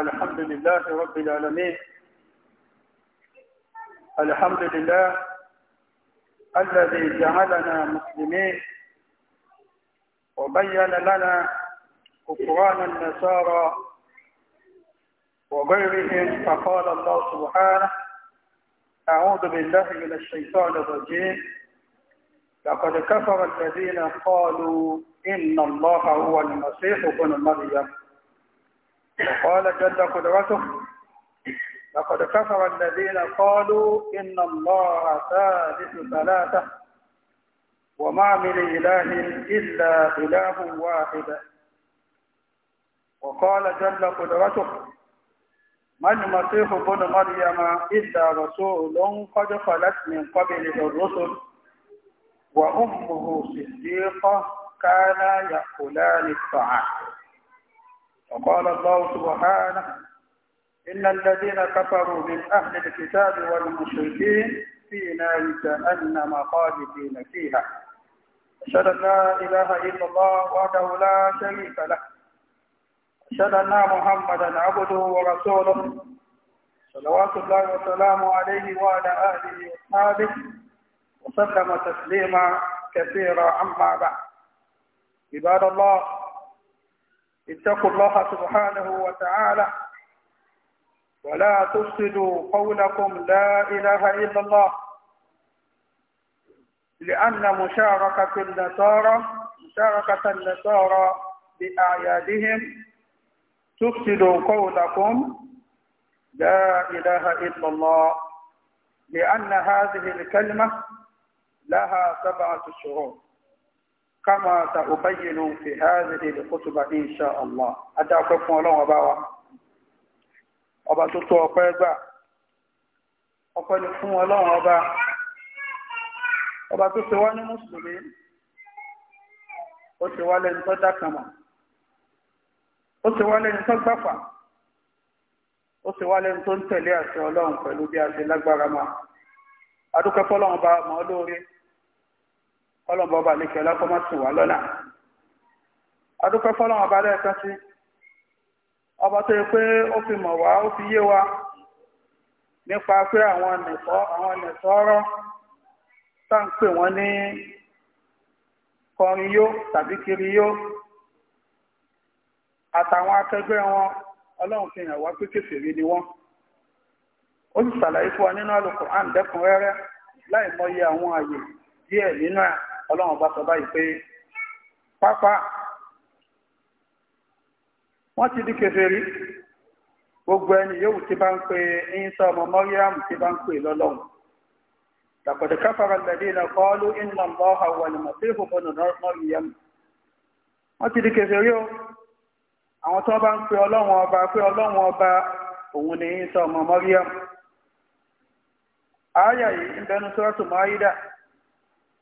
الحمد لله رب العالمين الحمد لله الذي جعلنا مسلمين وبين لنا كفران النصارى وغيرهم فقال الله سبحانه أعوذ بالله من الشيطان الرجيم لقد كفر الذين قالوا إن الله هو المسيح ابن مريم وقال جل قدرته لقد كفر الذين قالوا إن الله ثالث ثلاثة وما من إله إلا إله واحد وقال جل قدرته ما المسيح ابن مريم إلا رسول قد خلت من قبله الرسل وأمه صديقة كانا يأكلان الطعام وقال الله سبحانه إن الذين كفروا من أهل الكتاب والمشركين في نار جهنم خالدين فيها أشهد أن لا إله إلا الله وحده لا شريك له أشهد أن محمدا عبده ورسوله صلوات الله وسلامه عليه وعلى آله وأصحابه وسلم تسليما كثيرا أما بعد عباد الله اتقوا الله سبحانه وتعالى ولا تفسدوا قولكم لا إله إلا الله لأن مشاركة النصارى مشاركة النصارى بأعيادهم تفسد قولكم لا إله إلا الله لأن هذه الكلمة لها سبعة شروط كما سأبين في هذه الخطبة إن شاء الله أدعوكم الله وبعوا ọba tó tó ọpẹ́ gbà ọpẹ́ ni fún ọlọ́run ọba ọba tó ṣe wá ní mùsùlùmí ó ṣe wá lẹ́ni tó dákàmà ó ṣe wá lẹ́ni tó gbàfà ó ṣe wá lẹ́ni tó ń tẹ̀lé àṣẹ ọlọ́run pẹ̀lú bí a ṣe lágbára ma adúpẹ́ fọlọ́run ọba mọ́ lóore ọlọ́mọ ọba lẹ́kẹ̀ẹ́ lọ́kọ́mọ́ sì wá lọ́nà adúpẹ́ fọ́lọ́mọ ọba lẹ́ẹ̀kan sí ọba tó yẹ pé ó fi mọ̀ wá ó fi yé wa nípa pé àwọn nẹ̀tọ́ àwọn nẹ̀tọ́ ọ̀rọ̀ tá ń pè wọ́n ní kọrin yó tàbí kiri yó àtàwọn akẹgbẹ́ wọn ọlọ́run fi hàn wá pé kèfèrí ni wọ́n ó sì ṣàlàyé fún wa nínú àlùkò à ń dẹ́kun rẹ́rẹ́ láì mọye àwọn àyè díẹ̀ nínú ẹ̀ ọlọ́run bá sọ báyìí pé pápá wọ́n ti di kèfèrí gbogbo ẹni yóò ti bá ń pe Ìsá ọmọ Maryam ti bá ń pe lọ́lọ́run laqad kafara alladhina qalu inna Allaha wal masihu ibnu Maryam wọ́n ti di kèfèrí o àwọn tó bá ń pe ọlọ́run ọba pé ọlọ́run ọba òun ni Ìsá ọmọ Maryam ààyà yìí ń bẹnu Sūratu Mā'idah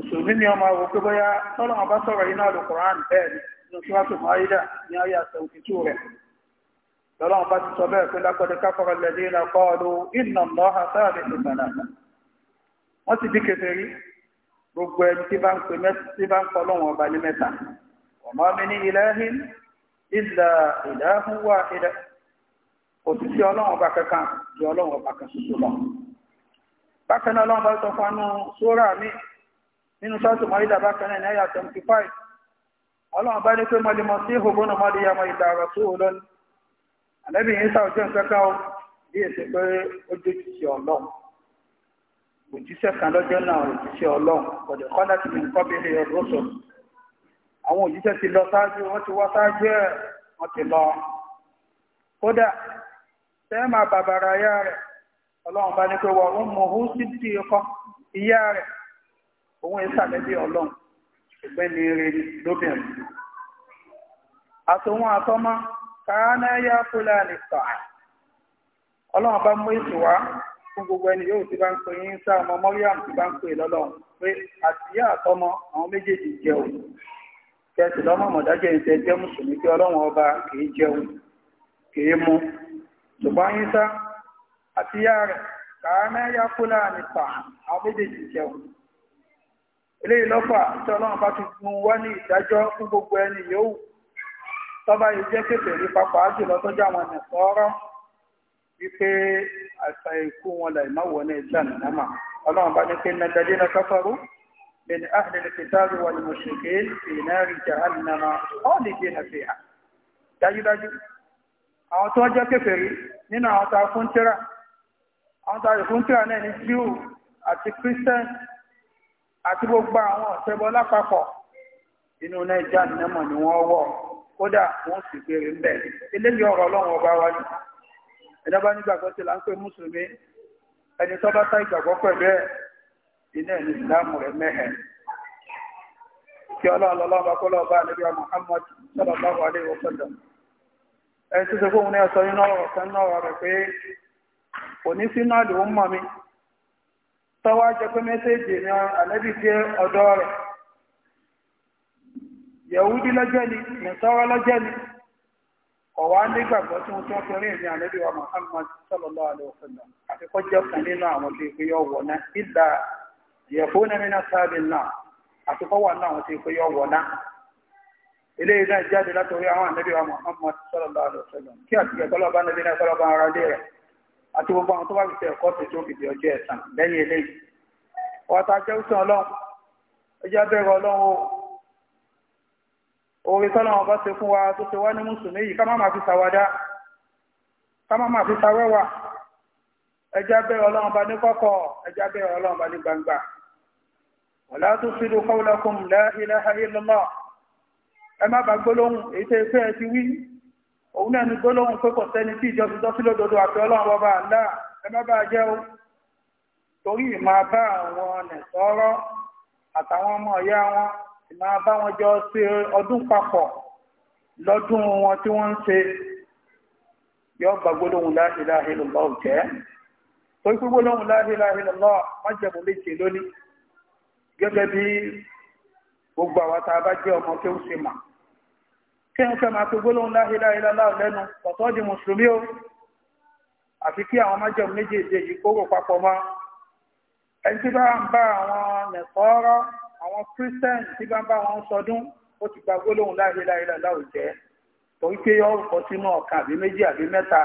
mùsùlùmí ni ọmọ àwọn pé bóyá tọ́lọ́mọ bá sọ̀rọ̀ iná alukoran bẹ́ẹ̀ ni inú síwájú máyídà ní ayé àtẹ̀wòtítù rẹ̀ tọ́lọ́mọ bá ti sọ bẹ́ẹ̀ pé lákọ̀dé káfọ́rọ̀ lẹ́dí iná kọ́ọ̀lù iná lọ́ àtàrí ìgbàlá wọ́n ti di kèfèrí gbogbo ẹni tí bá ń pè mẹ́ta tí bá ń pọ̀ lọ́wọ́n ọba ní mẹ́ta ọmọ nínú sọ́ọ̀tù mọ́rídà bákanáà ní àyà 75 ọlọ́run bá ní pé mọ́límọ́ sí ìhògbónà mọ́ríyàmọ́ ìdà àrọ̀sù olónìí àlẹ́bí yìí sáà jẹ́ nǹkan káwọ́ bí èsì pé ó jẹ́ òjíṣẹ́ ọlọ́run òjíṣẹ́ kan lọ́jọ́ náà òjíṣẹ́ ọlọ́run kọ̀dẹ̀ kọ́ láti fi nǹkan bí ilé ọdún sọ àwọn òjíṣẹ́ ti lọ sáájú wọ́n ti wá sáájú ẹ̀ wọ́n ti lọ kódà tẹ́ẹ̀mà bàbàrà ayá rẹ̀ ọlọ́run bá ní pé wọ́n mú hú sí ìyá rẹ̀ òun ìsàlẹ̀bí ọlọ́run ìgbẹ́ni rẹ̀ lóbìnrin àtòwọn àtọ́mọ́ kàánà yá fúlà ní ọlọ́run bá mú èsì wá fún gbogbo ẹni yóò ti bá ń pè yín sáà ọmọ mọ́ríàm ti bá ń pè lọ́lọ́run pé àtìyá àwọn méjèèjì jẹun kẹsì lọ́mọ mọ̀dájẹ́ ìṣẹ́ jẹ́ mùsùlùmí ọba kìí jẹun kìí ṣùgbọ́n yín sá àtìyá rẹ̀ kàánà eléyìí lọ́fà tí ọlọ́run bá ti mú wá ní ìdájọ́ fún gbogbo ẹni yòówù tọ́ba yìí jẹ́ kéfèé rí papà jùlọ tó jẹ́ àwọn nìkọ́ọ́rọ́ wípé àṣà ikú wọn là ìmá wọlé ìlànà náà ọlọ́run bá ní pé nàdàdé na káfàrú min ahli al-kitabi wal mushrikin fi nari jahannama khalidina fiha dájúdájú àwọn tó jẹ́ kéfèé rí nínú àwọn tá a fún tíra àwọn tá a fún tíra náà ní jíù àti kírísítẹ́nì àti gbogbo àwọn ọ̀sẹ̀bọ lápapọ̀ inú nàìjíríà nẹ́mọ̀ ni wọ́n wọ̀ kódà wọ́n sì gbére ńbẹ̀ eléyìí ọ̀rọ̀ ọlọ́run ọba wa ni nígbàgbọ́ là ń pè mùsùlùmí ẹni tó bá tá ìgbàgbọ́ pẹ̀lú ẹ̀ iná ẹni ìsìlámù rẹ̀ mẹ́hẹ̀ kí ọba àlejò ẹni tó ṣe fóun ọ̀rọ̀ rẹ̀ pé sínú tọ́wọ́ jẹ́ pé mẹ́sẹ́jì ní ànábì jẹ́ ọ̀dọ́ rẹ̀ yẹ̀wúdí lọ́jẹ́ ni nìsọ́rọ́ lọ́jẹ́ ni ọ̀wá nígbàgbọ́ tí wọ́n tó ń torí wa Muhammad sallallahu alaihi wa sallam àfikọ́ jẹ́ kan nínú àwọn tí ìpé yọ̀ wọ̀ná ìlà na náà na sáàbì àti gbogbo àwọn tó bá fi ṣe ẹ̀kọ́ tó tó fìdí ọjọ́ ẹ̀san lẹ́yìn eléyìí ọ̀tá jẹ́wùsàn ọlọ́run ẹjẹ́ bẹ̀rẹ̀ ọlọ́run o orí tọ́lọ́run ọba ṣe fún wa tó ṣe wá ní mùsùlùmí yìí ká máa fi ṣàwádà ká máa fi ṣàwẹ́wà ẹjẹ́ bẹ̀rẹ̀ ọlọ́run bá ní kọ́kọ́ ẹjẹ́ bẹ̀rẹ̀ ọlọ́run bá ní gbangba ọ̀lá tó fi lu qawlakum la ẹ má bàa gbólóhùn èyí tẹ́ ẹ fẹ́ ti wí òun náà ni gbólóhùn pé kò sẹ́ni tí ìjọ fìjọ sí lódodo àti ọlọ́run ọba àlá ẹ má bàa jẹ́ o torí ìmáa bá àwọn ọ̀nà sọ̀rọ̀ àtàwọn ọmọ ọ̀yá wọn ìmáa bá wọn jọ ṣe ọdún papọ̀ lọ́dún wọn tí wọ́n ń ṣe yọ gba gbólóhùn jẹ́ kí ń fẹ́ máa tó gbólóhùn la ilaha illallah lẹ́nu ọ̀tọ́ di mùsùlùmí o àfi kí àwọn májẹ̀mú méjèèjì yìí kóró papọ̀ mọ́ ẹni tí bá ń bá àwọn nẹ̀sọ́rọ́ àwọn christian tí bá ń bá wọn sọdún ó ti gba gbólóhùn la ilaha illallah jẹ́ torí pé yọ orúkọ sínú ọ̀kan àbí méjì àbí mẹ́ta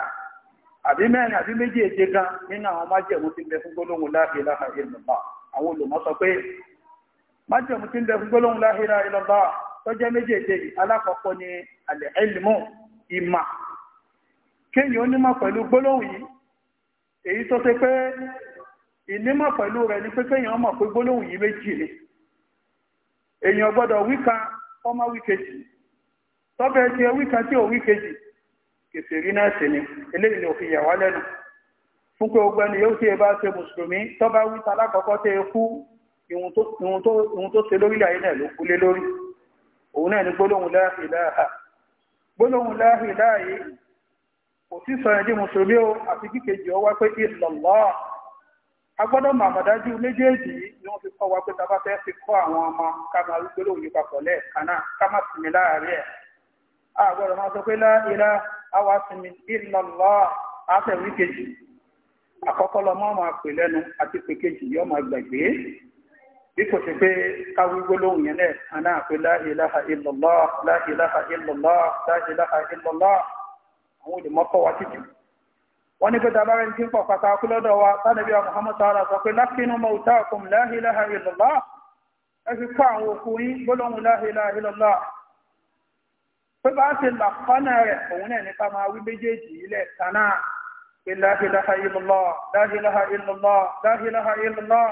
àbí mẹ́rin àbí méjèèjì gan nínú àwọn májẹ̀mú tí bẹ fún gbólóhùn la ilaha àwọn olùmọ̀ sọ pé májẹ̀mú tí bẹ fún gbólóhùn la ilaha tọ́jẹ́ méjèèjì alákọ̀ọ́kọ́ ni alẹ́ ẹlìmọ́ ìmà kéèyàn onímọ̀ pẹ̀lú gbólóhùn yìí èyí tó ṣe pé ìnímọ̀ pẹ̀lú rẹ̀ ni pé kéèyàn mọ̀ pé gbólóhùn yìí méjì ni èèyàn gbọ́dọ̀ wíkan ọmọ wíkejì tọ́bẹ̀ ti wíkan tí ò wíkejì kèfèrí náà sì ni eléyìí ni òfin yàwá lẹ́nu fún pé ogun ẹni yóò tí ẹ bá ṣe mùsùlùmí tọ́bá wíta alákọ̀ọ́kọ́ tẹ́ ẹ kú ìhun tó ṣe lórílẹ̀ ayé náà ló kú lé lórí òun náà ni gbólóhùn la ilaha gbólóhùn la ilaha yìí kò sí sọ ẹ̀dí mùsùlùmí o àti kíkejì ọwá pé illallah agbọ́dọ̀ màmọ̀dájú méjèèjì ni wọ́n fi kọ́ wa pé tàbá fẹ́ fi kọ́ àwọn ọmọ ká máa rú gbólóhùn yìí papọ̀ lẹ́ẹ̀kan náà ká má sinmi láàárín ẹ̀ àgbọ́dọ̀ máa sọ bí kò sí pé káwí gbólóhùn yẹn náà aná àpé la ilaha illallah la ilaha illallah la ilaha illallah àwọn olùmọ́kọ́ wa títì wọ́n ní pé dábàá ẹni ń pọ̀ pàtàkì lọ́dọ̀ wa tánàbí wa muhammad sahara sọ pé lákínú mautakum la ilaha illallah ẹ fi kọ́ àwọn òkú yín gbólóhùn la ilaha illallah pé bá ṣe làkọ́nà rẹ̀ òun náà nípa máa wí méjèèjì ilẹ̀ tánà la ilaha illallah la ilaha illallah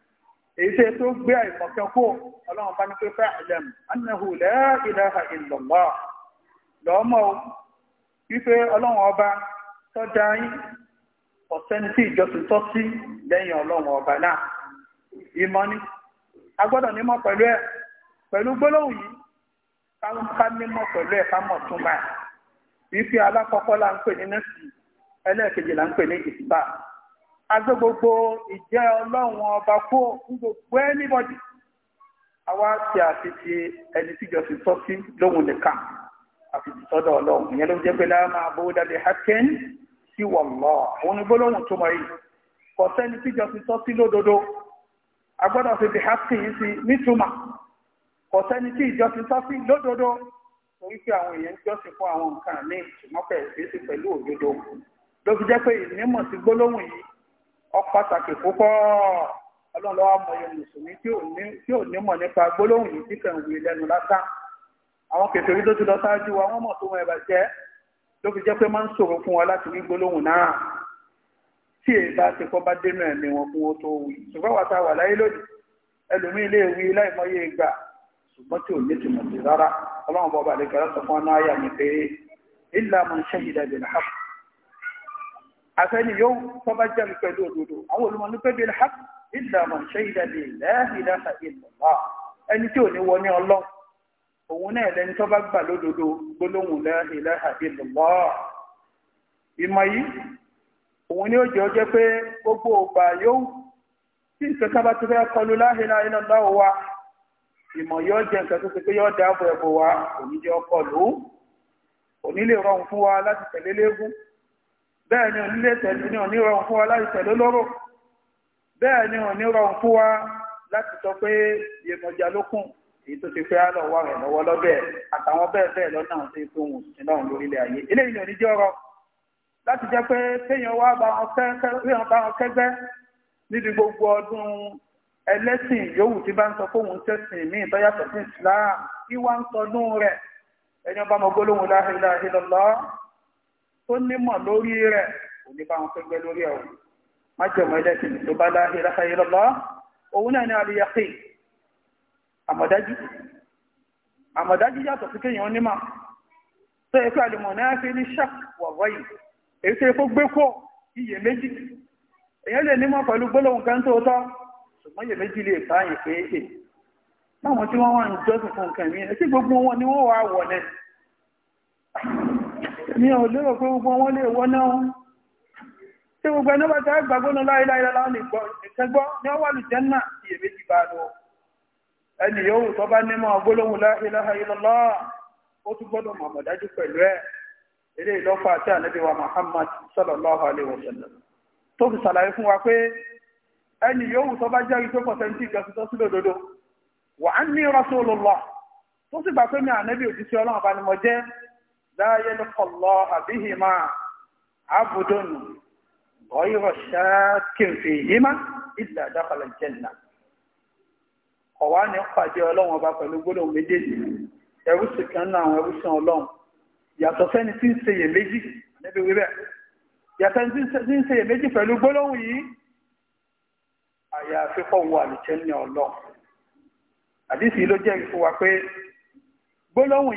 èyí tẹ́ tó gbé àìmọ̀kẹ́ kó ọlọ́run bá ní pé fẹ́ àìlẹ́m annahu la ilaha illallah lọ́mọ́ wípé ọlọ́run ọba tó dá yín ọ̀sẹ́ni tí ìjọsìn tọ́ sí lẹ́yìn ọlọ́run ọba náà ìmọ̀ ni a gbọ́dọ̀ nímọ̀ pẹ̀lú ẹ̀ pẹ̀lú gbólóhùn yìí káwọn ká nímọ̀ pẹ̀lú ẹ̀ ká mọ̀ tún báyìí wípé alákọ̀ọ́kọ́ là ń pè ní nẹ́sì ẹlẹ́ẹ̀kejì là ń pè ní ìsìbáà agbé gbogbo ìjẹ́ ọlọ́run ọba kó gbogbo anybody àwa ti àfihì ẹni tíjọ sí tọ́ sí lóhun nìkan àfihì sọ́dọ̀ ọlọ́run ìyẹn ló jẹ́ pé lára máa bó dàbí hakin sí wọ̀n lọ àwọn onígbólóhùn tó mọ̀ yìí kò sẹ́ni tíjọ sí tọ́ sí lódodo a gbọ́dọ̀ fi bí hakin sí nítumà kò sẹ́ni tí ìjọ sí tọ́ sí lódodo torí pé àwọn èèyàn jọ́sìn fún àwọn nǹkan ní ìtumọ̀pẹ̀ ìfésì pẹ̀lú òdodo ló fi jẹ́ pé ìnímọ̀ sí gbólóhùn yìí ọpàtàkì púpọ̀ ọlọ́run lọ́wọ́ mọ̀ye mùsùlùmí tí ò nímọ̀ nípa gbólóhùn yìí tí kàn wí lẹ́nu lásán àwọn kèfèrí tó ti lọ sáájú wa wọ́n mọ̀ tó wọn ẹ̀bà jẹ́ ló fi jẹ́ pé máa ń ṣòro fún wa láti wí gbólóhùn náà tí èyí ti kọ́ bá dénú ẹ̀mí wọn fún wọn tó wí ṣùgbọ́n wàtá wà láyé lónìí ẹlòmíì lè wí láìmọye ìgbà ṣùgbọ́n tí ò ní tìmọ̀ sí rárá ọlọ́run bọ́ bàlẹ̀ kẹrẹ́sọ̀ fún ọ náà yà ní pé ìlà mọ̀ ṣẹ́yìn dàbí náà afẹ́ni yóò tó bá jẹ́ pẹ̀lú òdodo àwọn olùmọ̀ọ́nù pé bí ha ìlànà ṣe ìdàlẹ̀ ìlànà ìlànà ẹni tí ò ní wọ ní ọlọ́run òun náà lẹni tó gbà lódodo gbólóhùn ìlànà ìlànà ìmọ̀ yìí òun ni ó jẹ́ pé gbogbo ọgbà yóò tí nǹkan kan bá fẹ́ kọlu láhìlá iná wa ìmọ̀ yóò jẹ́ nǹkan tó ti pé yóò dáàbò ẹ̀bọ̀ wa òní jẹ́ ọkọ̀ lòó òní bẹ́ẹ̀ ni onílé tẹ̀lú ní onírọ̀rùn fún wa láti tẹ̀lú lóró bẹ́ẹ̀ ni onírọ̀rùn fún wa láti sọ pé yèmọ̀jà ló kùn èyí tó ti fẹ́ á lọ wà rẹ̀ lọ́wọ́ lọ́bẹ̀ àtàwọn bẹ́ẹ̀ bẹ́ẹ̀ lọ́nà àwọn tó ń fún ni òní jẹ́ ọ̀rọ̀ láti jẹ́ pé téèyàn wá bá wọn kẹ́gbẹ́ níbi gbogbo ọdún ẹlẹ́sìn yòówù tí bá ń sọ fóun tẹ̀sìn míì tó sí Islam kí wá ń sọdún rẹ̀ ẹni ọba mọ gbólóhùn la ilaha illallah tó nímọ̀ lórí rẹ̀ kò ní bá wọn pẹ́gbẹ́ lórí ẹ̀wọ̀n májèmọ̀ ẹlẹ́sìn tó bá la ilaha illallah òun náà ní aliyahí àmọ̀dájú àmọ̀dájú yàtọ̀ sí kéèyàn nímọ̀ tó yẹ kí alìmọ̀ náà fi ní ṣak wà wáyì èyí tó yẹ kó gbé kó iyè méjì èyàn lè nímọ̀ pẹ̀lú gbólóhùn kan tó tọ́ ṣùgbọ́n iyè méjì lè bá yìí pé èyí láwọn tí wọ́n wà ń jọ́sìn fún nǹkan mi ẹ̀ sí gbogbo wọn ni wọ́n wà wọ̀ ní ọ̀lẹ́rọ̀ pé gbogbo wọn lè wọ́n náà tí gbogbo ẹni bá tẹ́ gbàgbónà láìláìláà nìkẹgbọ́ ní ọwà lùjẹ́nà iyèméjì bá lọ ẹni yóò tọ́ bá nímọ̀ gbólóhùn láìláà ilọ́lọ́ ó ẹni yóò tọ́ bá jẹ́ ìpé pọ̀sẹ̀ntì tó sì gbà pé mi ànẹ́bí òjíṣẹ́ Ọlọ́run ni mo jẹ́ láyé lọ́kọ̀lọ́ àbíhìmá àbùdónù ọ̀yọ̀ ṣáàkìfì yímá ìlà dákàlà jẹ́nà ọ̀wá ní pàdé ọlọ́run ọba pẹ̀lú gbólóhùn méjèèjì ẹrúsìn kan náà àwọn ẹrúsìn ọlọ́run yàtọ̀ sẹ́ni tí ń ṣe yè méjì níbi wíwẹ̀ yàtọ̀ tí ń ṣe méjì pẹ̀lú gbólóhùn yìí àyàfi kọ́ wọ àlùjẹ́nà ọlọ́run àdìsí ló jẹ́ ìfowópamọ́ pé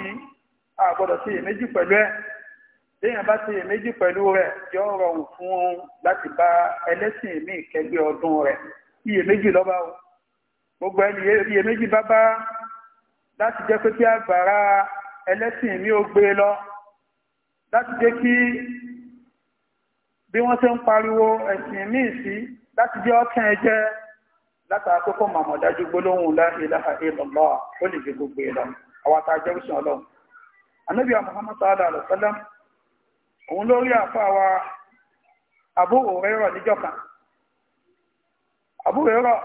yìí a gbọ́dọ̀ sí èméjì pẹ̀lú ẹ̀ léèyàn bá sí èméjì pẹ̀lú rẹ̀ yọ rọrùn fún un láti bá ẹlẹ́sìn míì kẹgbẹ́ ọdún rẹ̀ iyèméjì lọ́ba o gbogbo ẹni iyèméjì bá bá láti jẹ́ pé kí àgbàrá ẹlẹ́sìn mi ò gbé e lọ láti jẹ́ kí bí wọ́n ṣe ń pariwo ẹ̀sìn míì sí láti jẹ́ ọkàn ẹ̀jẹ̀ látara pé kó màmọ̀ dájú gbólóhùn la ilaha illallah ó lè e jẹ́ gbogbo ẹ̀ lọ àwọn àtàjẹ́ òṣìṣẹ́ ọlọ́run anabi muhammad sallallahu alaihi wa sallam òun lórí àfàwà Abu Hurairah níjọ́ kan Abu Hurairah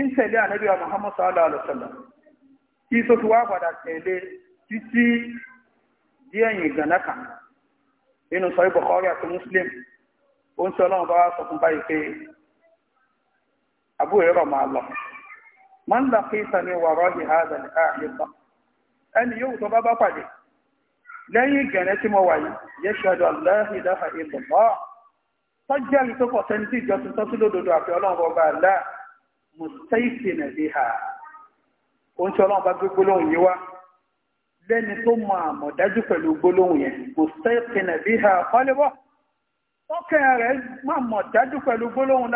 ń tẹ̀lé anabi muhammad sallallahu alaihi wa sallam kí tó fi Titi, padà tẹ̀lé títí díẹ̀ yìí gànà kan nínú sọ Bukhari àti Muslim ó ń sọ ọlọ́run bá wá sọ fún báyìí pé Abu Hurairah máa lọ man laqita min wara'i hadha al-a'iqa ẹni yóò tó bá bá pàdé lẹ́yìn gẹ̀rẹ́ tí mo wà yìí yẹ́ ṣọ́dọ̀ aláìláha ìlọ́lọ́ tọ́jẹ́lì tó pọ̀ sẹ́ni tí ìjọsìn tọ́sí lódodo àfi ọlọ́run ọba àlá mùsẹ́ìsì nàbí ha ó ń ṣe ọlọ́run bá gbé gbólóhùn yìí wá lẹ́ni tó mọ àmọ̀dájú pẹ̀lú gbólóhùn yẹn mùsẹ́ìsì nàbí ha kọ́lébọ̀ tọ́kẹ́ rẹ̀ má mọ̀ dájú pẹ̀lú gbólóhùn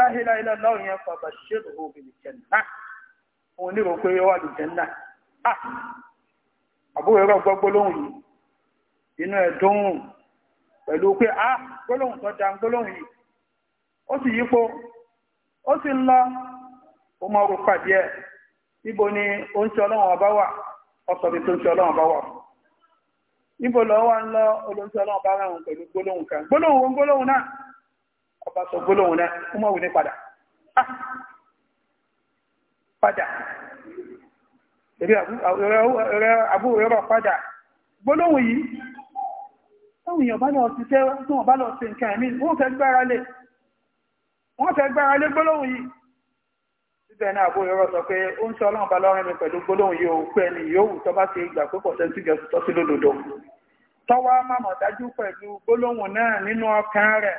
àbúrò ẹ̀rọ gbọ́ gbólóhùn yìí inú ẹ̀ dùn pẹ̀lú pé a gbólóhùn tó da gbólóhùn yìí ó sì yípo ó sì ń lọ ó mọ orúkọ pàdé ẹ̀ níbo ni ó ń ṣe ọlọ́run ọba wà ọsọ bí tó ń ṣe ọlọ́run ọba wà níbo lọ wá ń lọ olóńṣe ọlọ́run ọba rẹ̀ pẹ̀lú gbólóhùn kan gbólóhùn wọn gbólóhùn náà ọba sọ gbólóhùn náà ó mọ̀ wí ní padà padà ẹ̀rẹ́ àbúrẹ́rọ̀ padà gbólóhùn yìí táwọn èèyàn bá lọ ṣiṣẹ́ tí wọ́n bá lọ ṣe nǹkan ẹ̀mí wọ́n fẹ́ gbára lé wọ́n fẹ́ gbára lé gbólóhùn yìí síbẹ̀ náà àbúrẹ́rọ̀ sọ pé ó ń ṣe ọlọ́run bá lọ́rẹ́ mi pẹ̀lú gbólóhùn yìí ó pẹ́ ni yóò tó bá ṣe ìgbà pé pọ̀ṣẹ́ sí gẹ̀ẹ́sì tọ́sí lódodo tọ́wọ́ mọ̀mọ̀ dájú pẹ̀lú gbólóhùn náà nínú ọkàn rẹ̀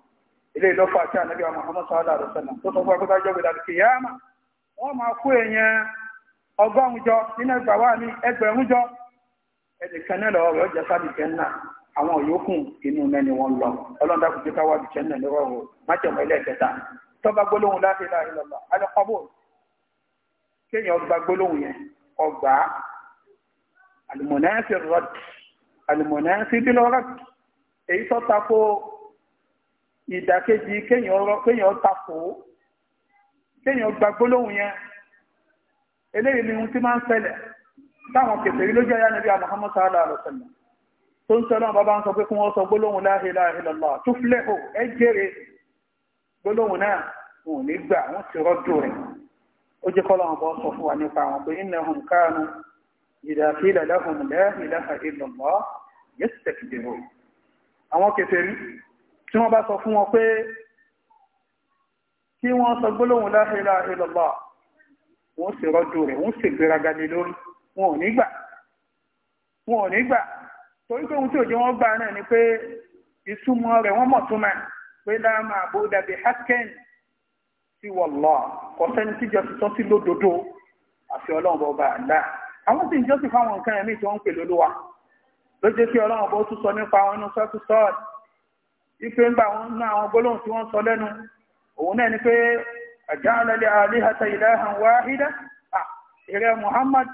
ilé ìlọ́fà tí ànábì Muhammad sallallahu alaihi wasallam tó sọ fún ẹgbẹ́ tájọ́ gbèdà lókè yáàmà wọ́n máa kó èèyàn ọgọ́rùn jọ nínú ẹgbà wà ní ẹgbẹ̀rún jọ ẹnìkan náà lọ́wọ́ rẹ̀ ọjà sábì jẹ́nà àwọn yòókù inú mẹ́ni wọn lọ ọlọ́dà kò jẹ́ káwá jẹ́nà lọ́wọ́ ilé ẹ̀kẹta tọ́ba gbólóhùn la kéèyàn gbólóhùn yẹn ọgbà alùmọ̀nẹ́sì alùmọ̀nẹ́sì èyí tó ìdàkejì kéèyàn takò kéèyàn gba gbólóhùn yẹn eléyìí ni ohun tí máa ń ṣẹlẹ̀ táwọn kèfèrí lójú ayá nàbí Muhammad sallallahu alaihi wasallam tó ń sọ́lọ́wọ́n bàbá ń sọ pé kí wọ́n sọ gbólóhùn la ilaha illallah tó filẹ̀ hò ẹ jẹ́rẹ̀ gbólóhùn náà wọn ò ní gbà wọ́n ti rọ́jò rẹ̀ ó jẹ́ kọ́lọ́wọ́n bọ́ sọ fún wa nípa àwọn pé innahum kanu idha qila lahum la ilaha illallah àwọn kèfèrí tí wọ́n bá sọ fún wọn pé kí wọ́n sọ gbólóhùn la ilaha illallah wọ́n sì rọ́jò rẹ̀ wọ́n sì gbéraga lé lórí wọn ò ní gbà wọn ò ní gbà torí pé ohun tí òjò wọn gbà náà ni pé ìtumọ̀ rẹ̀ wọ́n mọ̀ tó máa pé láàmà àbúdà bíi hakken sí wọ̀lọ́ kọ́sẹ́ni tíjọ ti tọ́ sí lódodo àfi ọlọ́run bọ́ bá àdá àwọn sì ń jọ́sìn fáwọn nǹkan ẹ̀mí tí wọ́n ń pè lólúwa ló jẹ́ kí ọlọ́run bó tún sọ nípa wọn ní sọ́tún sọ́ọ̀tì ife mba bá wọn nke àwọn gbólóhùn tí wọ́n sọ lẹ́nu òun náà ni pé àjáàlẹ́lẹ́ àlíhàtà ilahan Muhammad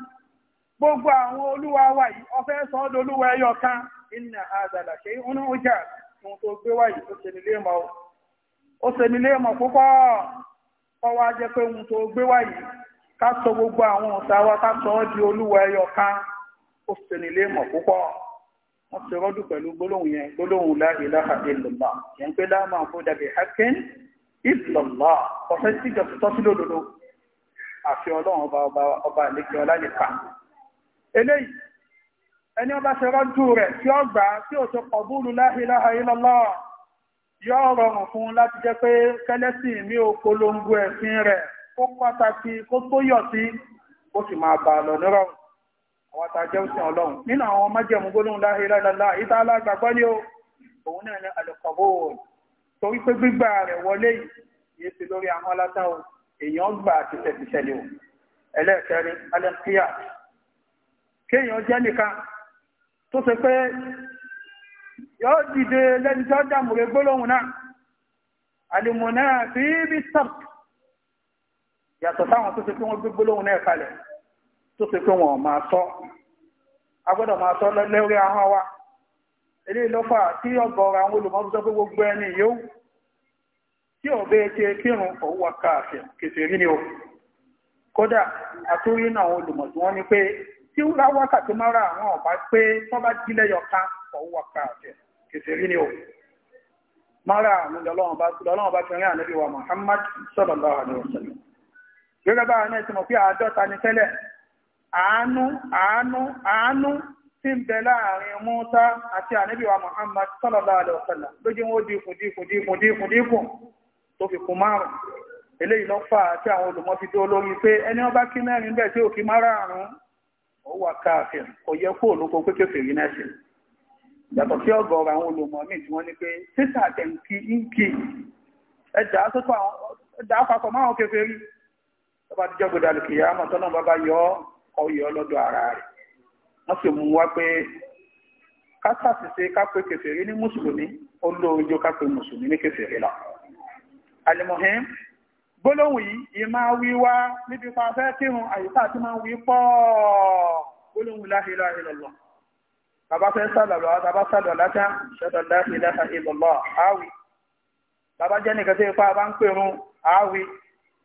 gbogbo àwọn olúwa awa yìí ọfẹ́ sọ ọ́ ẹyọ kan inna àdàlà ṣe ń ọjà tún tó gbé wá yìí ó ṣe nílé ohun tó gbé yìí gbogbo àwọn ọ̀sà wa di olúwa ẹyọ kan ó ṣe wọ́n ti rọ́dù pẹ̀lú gbólóhùn yẹn gbólóhùn la ilaha illallah yẹn pé la ma'buda bi haqqin illallah ọ̀fẹ́ sí ìjọ tuntun sí lódodo àfi ọlọ́run ọba ọba ọba àlejò ọlá nìkan eléyìí ẹni ọba ṣe rọ́dù rẹ̀ tí ó gbà tí ó ṣe qabulu la ilaha illallah yọ rọrùn fún láti jẹ́ pé kẹ́lẹ́sìn mi ò polongo ẹ̀sìn rẹ̀ kó pàtàkì kó tó yọ̀ sí ó sì máa bà lọ nírọ̀rùn àwọn àtàjẹ́ òsìn ọlọ́run nínú àwọn májẹ̀mú gbólóhùn la ilaha illallah ìta alágbàgbọ́ ni ó òun náà ní al-qabul torí pé gbígbà rẹ̀ wọlé yìí ṣe lórí àwọn alátá o èèyàn gbà tìṣẹ̀tìṣẹ̀lẹ̀ o ẹlẹ́ẹ̀kẹrin alẹ́kíyà kéèyàn jẹ́ nìkan tó ṣe pé yóò dìde lẹ́ni tó dàmúre gbólóhùn náà alìmọ̀nà fi bí sọ́p yàtọ̀ sáwọn tó ṣe pé wọ́n gbé gbólóhùn náà kalẹ̀ tó fi pé wọn máa sọ a máa sọ lórí ahọ́n wa eléyìí ló tí ọ̀gọ̀ọ̀rọ̀ àwọn olùmọ́bí pé gbogbo ẹni yóò tí ò bẹ́ẹ̀ kírun ni o kódà àtúrí náà àwọn olùmọ̀ tí wọ́n ní mara àwọn ọ̀bá pé wọ́n bá jílẹ̀ yọká ọ̀wọ́ ni mara àwọn lọ́lọ́wọ́n bá rí gẹ́gẹ́ bá àwọn ẹ̀sìn mọ̀ pé àádọ́ta ni àánú àánú àánú tí ń bẹ láàrin Mùsá àti ànábìwá Muhammad sallallahu alaihi wasallam lójú wọn dínkù dínkù dínkù dínkù dínkù tó fi kún márùn eléyìí lọ fà àwọn olùmọ̀ fi dó lórí pé ẹni ọba kí mẹ́rin bẹ́ẹ̀ tí ò kí márààrún ó wà káàfin kò yẹ kó olóko pé kékeré náà ṣe yàtọ̀ sí àwọn míì tí wọ́n ní pé sísà àtẹ̀ǹkì ń kì ọyẹ ọlọ́dọ̀ ara rẹ̀ wọ́n sì mú wá pé kásàtìsẹ kápẹ́ kẹfẹ́rí ní mùsùlùmí ó lóojú kápẹ́ mùsùlùmí ní kẹfẹ́rí lọ. àlìmọ̀hẹ́ gbólóhùn yìí yìí máa wí wá níbi pa afẹ́ kírun àyíká àti máa wí pọ̀ gbólóhùn la ilaha illallah bàbá fẹ́ sàlọ̀lọ́ bàbá sàlọ̀ látà ṣẹ́dọ̀ la ilaha illallah àwì bàbá jẹ́ nìkan tí ipa bá ń pèrún àwì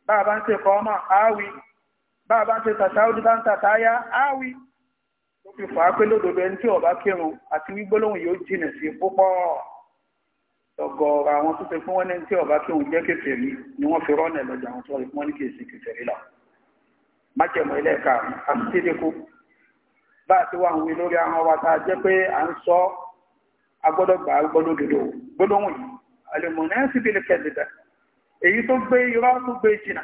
bàbá ń ṣe kọ́ ọmọ àwì bá a bá ṣe tàṣáwọ́dí bá ń tàṣáyá áwí tó fi fà á pé lódodo ẹni tí ọba kírun àti wígbólóhùn yóò jìnà sí púpọ̀ ọ̀gọ̀ọ̀rọ̀ àwọn tó ṣe fún wọn ní tí ọba kírun jẹ́ kékeré ni wọ́n fi rọ́nà lọ́jà àwọn tó rí fún wọn ní kèsì kékeré lọ májẹ̀mọ́ ilé ẹ̀ka àtìsídẹ́kù bá a ti wá àwọn lórí àwọn wa tá a jẹ́ pé à ń sọ agbọ́dọ̀ gbà gbọ́dọ̀ dodo gbólóhùn yìí àlèmọ̀ náà sì bí lè kẹ́ èyí tó gbé irọ́ tó gbé jìnà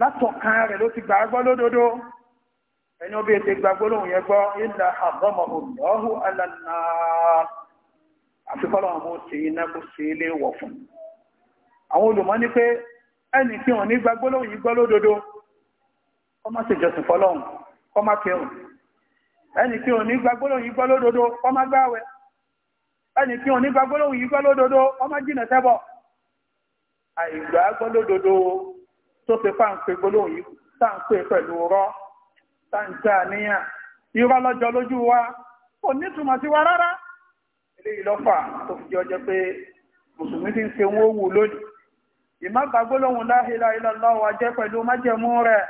látọ̀kan rẹ̀ ló ti gbàgbọ́ lódodo ẹni ó bí ètè gbàgbọ́ lóhun yẹn gbọ́ ilà àbọ̀mọ̀ òlọ́hù alànà àfikọ́lọ́ àwọn oṣù iná kò sí ilé wọ̀ fún àwọn olùmọ̀ ní pé ẹni tí wọ́n ní gbàgbọ́ lóhun yìí gbọ́ lódodo kọ́ má ṣe jọsìn fọlọ́hun kọ́ má tó fi páńpẹ́ gbólóhùn yìí táǹpẹ́ pẹ̀lú rọ́ táǹjà níyàn irọ́ lọ́jọ́ lójú wa kò nítumọ̀ sí wa rárá eléyìí lọ́fà tó fi jẹ́ ọjọ́ pé mùsùlùmí ti ń ṣe owó wù lónìí ìmá gbàgbólóhùn la ilaha illallah wa jẹ́ pẹ̀lú májẹ̀mú rẹ̀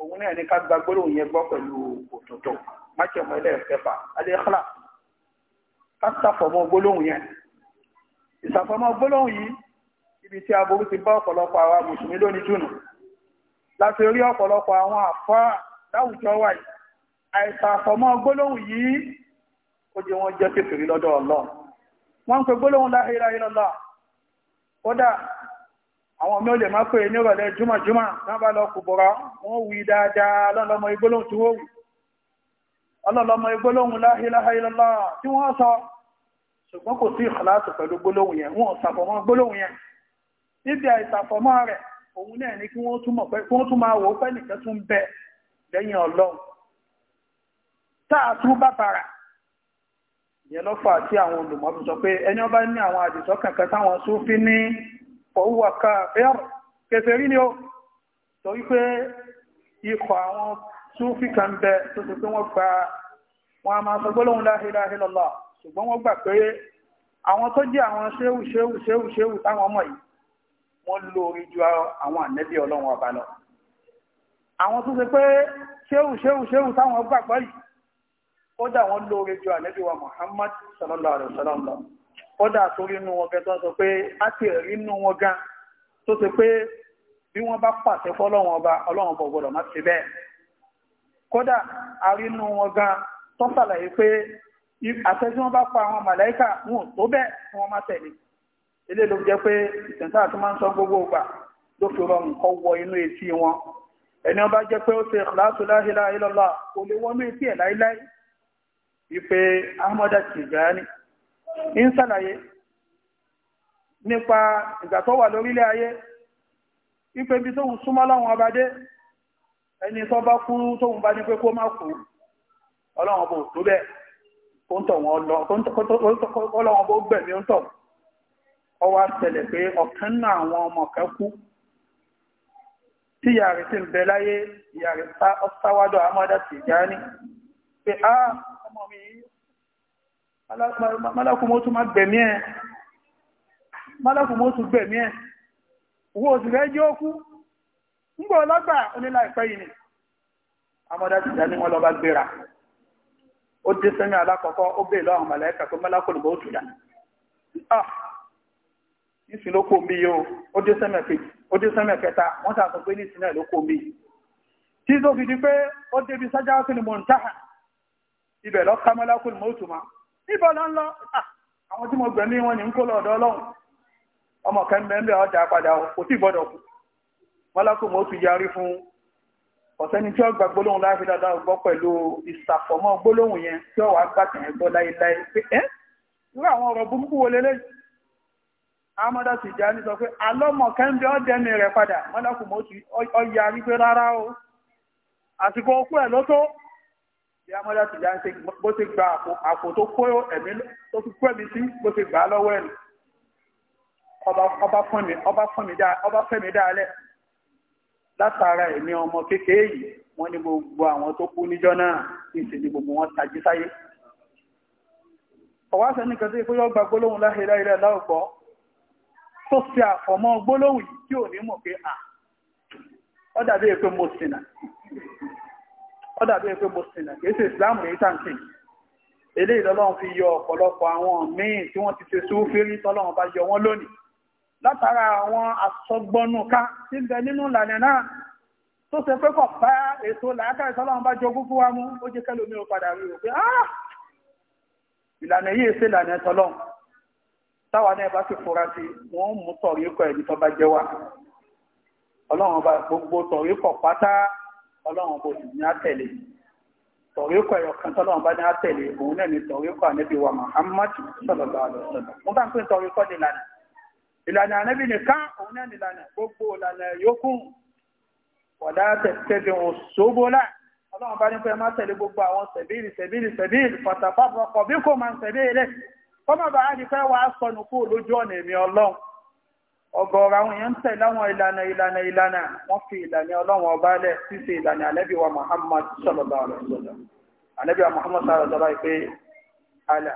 òun náà ní ká gbàgbólóhùn yẹn gbọ́ pẹ̀lú òtòtò májẹ̀mú ẹlẹ́ẹ̀kẹfà alẹ́kọ́lá ká sàfọ̀mọ́ gbólóhùn yẹn ìsàfọ̀mọ́ gbólóhùn yìí ibi tí aburú ti bá ọ̀pọ̀lọpọ̀ àwa mùsùlùmí lónìí jùnù láti rí ọ̀pọ̀lọpọ̀ àwọn àfá láwùjọ wà yìí àìsàfọ̀mọ́ gbólóhùn yìí ó jẹ wọn jẹ́ kéfèrí lọ́dọ̀ ọlọ́run wọ́n ń pe gbólóhùn la ilaha illallah kódà àwọn mi ò lè má pè ní ìrọ̀lẹ́ jùmọ̀jùmọ̀ náà bá lọ kùbọ̀rọ̀ wọ́n wí dáadáa lọ́lọ́mọ igbólóhùn tí wọ́n wù ọlọ́lọ́mọ igbólóhùn la ilaha illallah tí wọ́n sọ ṣùgbọ́n kò sí ìkọlá pẹ̀lú gbólóhùn yẹn wọ́n sàfọ̀mọ́ gbólóhùn yẹn níbi àìsàfọ́mọ́ rẹ̀ òun náà ni kí wọ́n tún mọ̀ pé kí wọ́n tún máa wò ó pé nìkan tún bẹ lẹ́yìn ọlọ́run táà tún bá bàrà ìyẹn lọ́fà tí àwọn olùmọ̀ sọ pé ẹni ọba ní àwọn àdìsọ́ kankan táwọn Súfí ní fọwọ́ kàfẹ́r kèfèrí ni ó torí pé ikọ̀ àwọn Súfí kan bẹ tó ti pé wọ́n gba wọn a máa sọ gbólóhùn la ilaha illallah ṣùgbọ́n wọ́n gbà pé àwọn tó jẹ́ àwọn ṣéwù ṣéwù ṣéwù ṣéwù táwọn ọmọ yìí wọ́n lórí ju àwọn ànẹ́bí ọlọ́run ọba lọ àwọn tó ṣe pé ṣéhù ṣéhù ṣéhù táwọn gbàgbọ́ yìí kódà wọ́n lórí ju ànẹ́bí wa Muhammad sallallahu alaihi wasallam lọ kódà sórí inú wọn gẹ́gẹ́ tó sọ pé a ti rí inú wọn gan tó ṣe pé bí wọ́n bá pàṣẹ fọ́lọ́run ọba ọlọ́run bọ̀ gbọ́dọ̀ má ṣe bẹ́ẹ̀ kódà a rí ilé ló jẹ́ pé ìtẹ̀ntà tó máa ń sọ gbogbo ìgbà ló fi rọrùn kọ́ wọ inú etí wọn ẹni ọba jẹ́ pé ó ṣe ìkìláṣù la ilaha illallah kò lè wọnú etí ẹ̀ láíláí ìpè Ahmad Tijani ń sàlàyé nípa ìgbà tó wà lórílẹ̀ ayé ìpè ibi tóun súnmọ́ láwọn ọba dé ẹni tó bá kú tóun bá ní pé kó má kú ọlọ́wọ́n bò tó bẹ́ẹ̀ kó ń tọ̀ wọn lọ kó ń tọ̀ wọn bó gbẹ̀mí ń tọ̀ wọn ó wá ṣẹlẹ̀ pé ọ̀kan náà àwọn ọmọ kan kú tí ìyá rẹ̀ sì ń bẹ láyé ìyá rẹ̀ sáwádọ̀ amọ́dá Tìjání pé á ọmọ mi malakumotu ma gbẹ̀mí ẹ̀ malakumotu gbẹ̀mí ẹ̀ owó oṣù rẹ̀ jẹ́ ókú ń gbọ́ ọlọ́gbà onílà ìpẹ́ yìí ni amọ́dá Tìjání wọn lọ bá gbéra ó dé sẹ́mi alákọ̀ọ́kọ́ ó bèèrè lọ́wọ́ àwọn màlàíkà tó malakumotu yà nísìn ló kó mi yìí o ó dé sẹ́mẹ̀ kejì ó dé sẹ́mẹ̀ kẹta wọ́n sàtọ̀ pé nísìn náà ló kó mi yìí tí tó fi di pé ó débi sájá sí ni mò ń tà ibẹ̀ lọ kámẹ́lá kó ni mo tù ma níbo lọ ń lọ àwọn tí mo gbẹ̀mí wọn ni ń kó lọ ọ̀dọ̀ ọlọ́run ọmọ kẹ́mbẹ́ńbẹ́ ọjà padà kò sì gbọ́dọ̀ kù mọ́lákù mo tù yarí fún ọ̀sẹ́ni tí ó gba gbólóhùn láàfin dáadáa gbọ́ pẹ̀lú ìsàfọ̀mọ́ gbólóhùn yẹn tí ó wàá gbàtẹ̀yìn gbọ́ láéláé pé ẹ́ irú àwọn ọ̀rọ̀ burúkú wo lélẹ́yìí amọ́dá sì já ní sọ pé alọ́mọ̀ kẹ́ńbẹ́ ọ̀dẹ́mi rẹ̀ padà mọ́lákù mọ́tù ọ̀yà wípé rárá o àsìkò okú ẹ̀ ló tó bí amọ́dá sì já ní bó ti gba àpò tó kó ẹ̀mí tó fi kó ẹ̀mí sí bó ti gbà á lọ́wọ́ ẹ̀ ọba fún mi dáalẹ̀ látara ẹ̀mí ọmọ kékeré yìí wọ́n ní gbogbo àwọn tó kú níjọ́ náà ní ìsìn ní gbogbo wọn tají sáyé ọwọ́ àṣẹ nìkan tó yẹ kó yọ gbàgbó lóhun láhìlá ilẹ̀ láògbọ́ tó fi àfọ̀mọ́ gbólóhùn tí ò ní mọ̀ pé à ó dàbí pé mo ṣìnà ó dàbí pé mo ṣìnà kìí ṣe ìsìláàmù ní tàǹtì ilé ìlọ́lọ́run fi yọ ọ̀pọ̀lọpọ̀ àwọn míì tí wọ́n ti ṣe súfírí tọ́lọ́run bá yọ wọ́n lónìí látara àwọn àsọgbọnùká tí ń bẹ nínú ìlànà náà tó ṣe pé kọ̀ bá ètò làákàrí tọ́lọ́run bá jogún fún wa mú ó jẹ́ kẹ́lòmí ó padà rí rò pé ah! ìlànà yìí ṣe ìlànà tọ́lọ́run táwa náà bá ti fura sí wọn mú tọ̀rí kọ ẹni tó bá jẹ́ wà ọlọ́run ọba gbogbo tọ̀rí kọ pátá ọlọ́run ọba òsì ní àtẹ̀lé tọ̀rí kọ ẹ̀yọ̀ kan tọ́lọ́run ní àtẹ̀lé òun náà ni tọ̀rí kọ ànẹ́bí wa Muhammad sallallahu alaihi wasallam mo bá ń pè tọ̀rí kọ ní ìlànà ìlànà ànẹ́bí nìkan òun náà ní gbogbo ìlànà yòókù wọ̀dá tẹ̀tẹ̀bí òun ṣòbólà ọlọ́run ọba ní pé má tẹ̀lé gbogbo àwọn sẹ̀bíìlì sẹ̀bíìlì sẹ̀bíìlì kọ́mọ̀ bá á di fẹ́ wàá sọnù kú lójú ọ̀nà èmi ọlọ́run ọ̀gọ̀ọ̀rọ̀ àwọn èèyàn ń tẹ̀lé ìlànà ìlànà ìlànà wọ́n fi ìlànà ọlọ́run ọba lẹ̀ ṣíṣe ìlànà Muhammad sallallahu alaihi Muhammad sallallahu alaihi wasallam pé àlà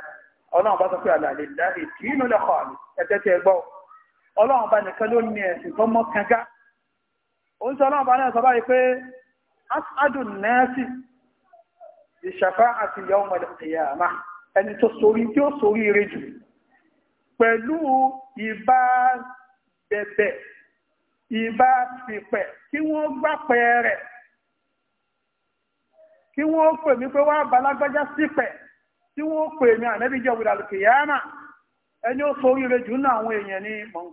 ọlọ́run bá sọ pé ètí inú lẹ́kọ̀ọ́ àmì ẹ̀tẹ́ tẹ́ gbọ́ ọlọ́run bá nìkan ló ní ẹ̀sìn tó mọ́ kanga ó ń sọ ọlọ́run bá náà sọ báyìí pé nẹ́ẹ̀sì ẹni tó sorí tí ó sorí rẹ jù pẹ̀lú ìbá bẹ̀bẹ̀ ìbá fìpẹ̀ kí wọ́n gbà pẹ́ rẹ̀ kí wọ́n pè mí pé wá balágbájá sípẹ̀ wọ́n pè mí ẹni ó sorí jù náà àwọn èèyàn ni man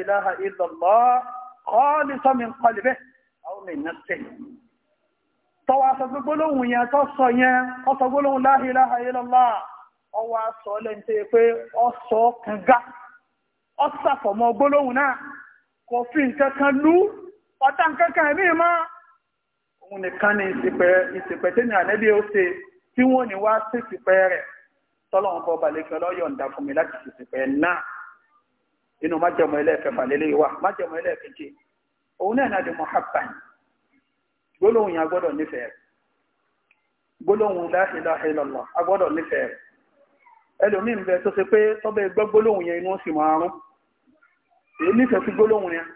ilaha illallah khalisan min qalbihi aw tọwà sọ pé gbólóhùn yẹn sọ yẹn ó sọ gbólóhùn la ilaha ọwọ́ sọ lẹ́ntẹ́ pé ó sọ kànga ó sàfọ̀mọ́ gbólóhùn náà kò fi nǹkan kan lú ọ̀tá nǹkan kan ẹ̀mí mọ́ òun nìkan ni tí ní ànẹ́bí ó ṣe tí wọ́n ní wá sí rẹ̀ tọ́lọ́run balẹ̀ fẹ́ lọ́yọ̀ fún mi láti náà inú balẹ̀ lè wà òun náà mọ́ gbólóhùn yẹn agbọ́dọ̀ nífẹ̀ẹ́ rẹ̀ gbólóhùn la ilaha illallah agbọ́dọ̀ nífẹ̀ẹ́ rẹ̀ ẹlòmíín bẹ tó ṣe pé tọ́bẹ̀ gbọ́ gbólóhùn yẹn inú sì máa rún èyí nífẹ̀ẹ́ sí gbólóhùn yẹn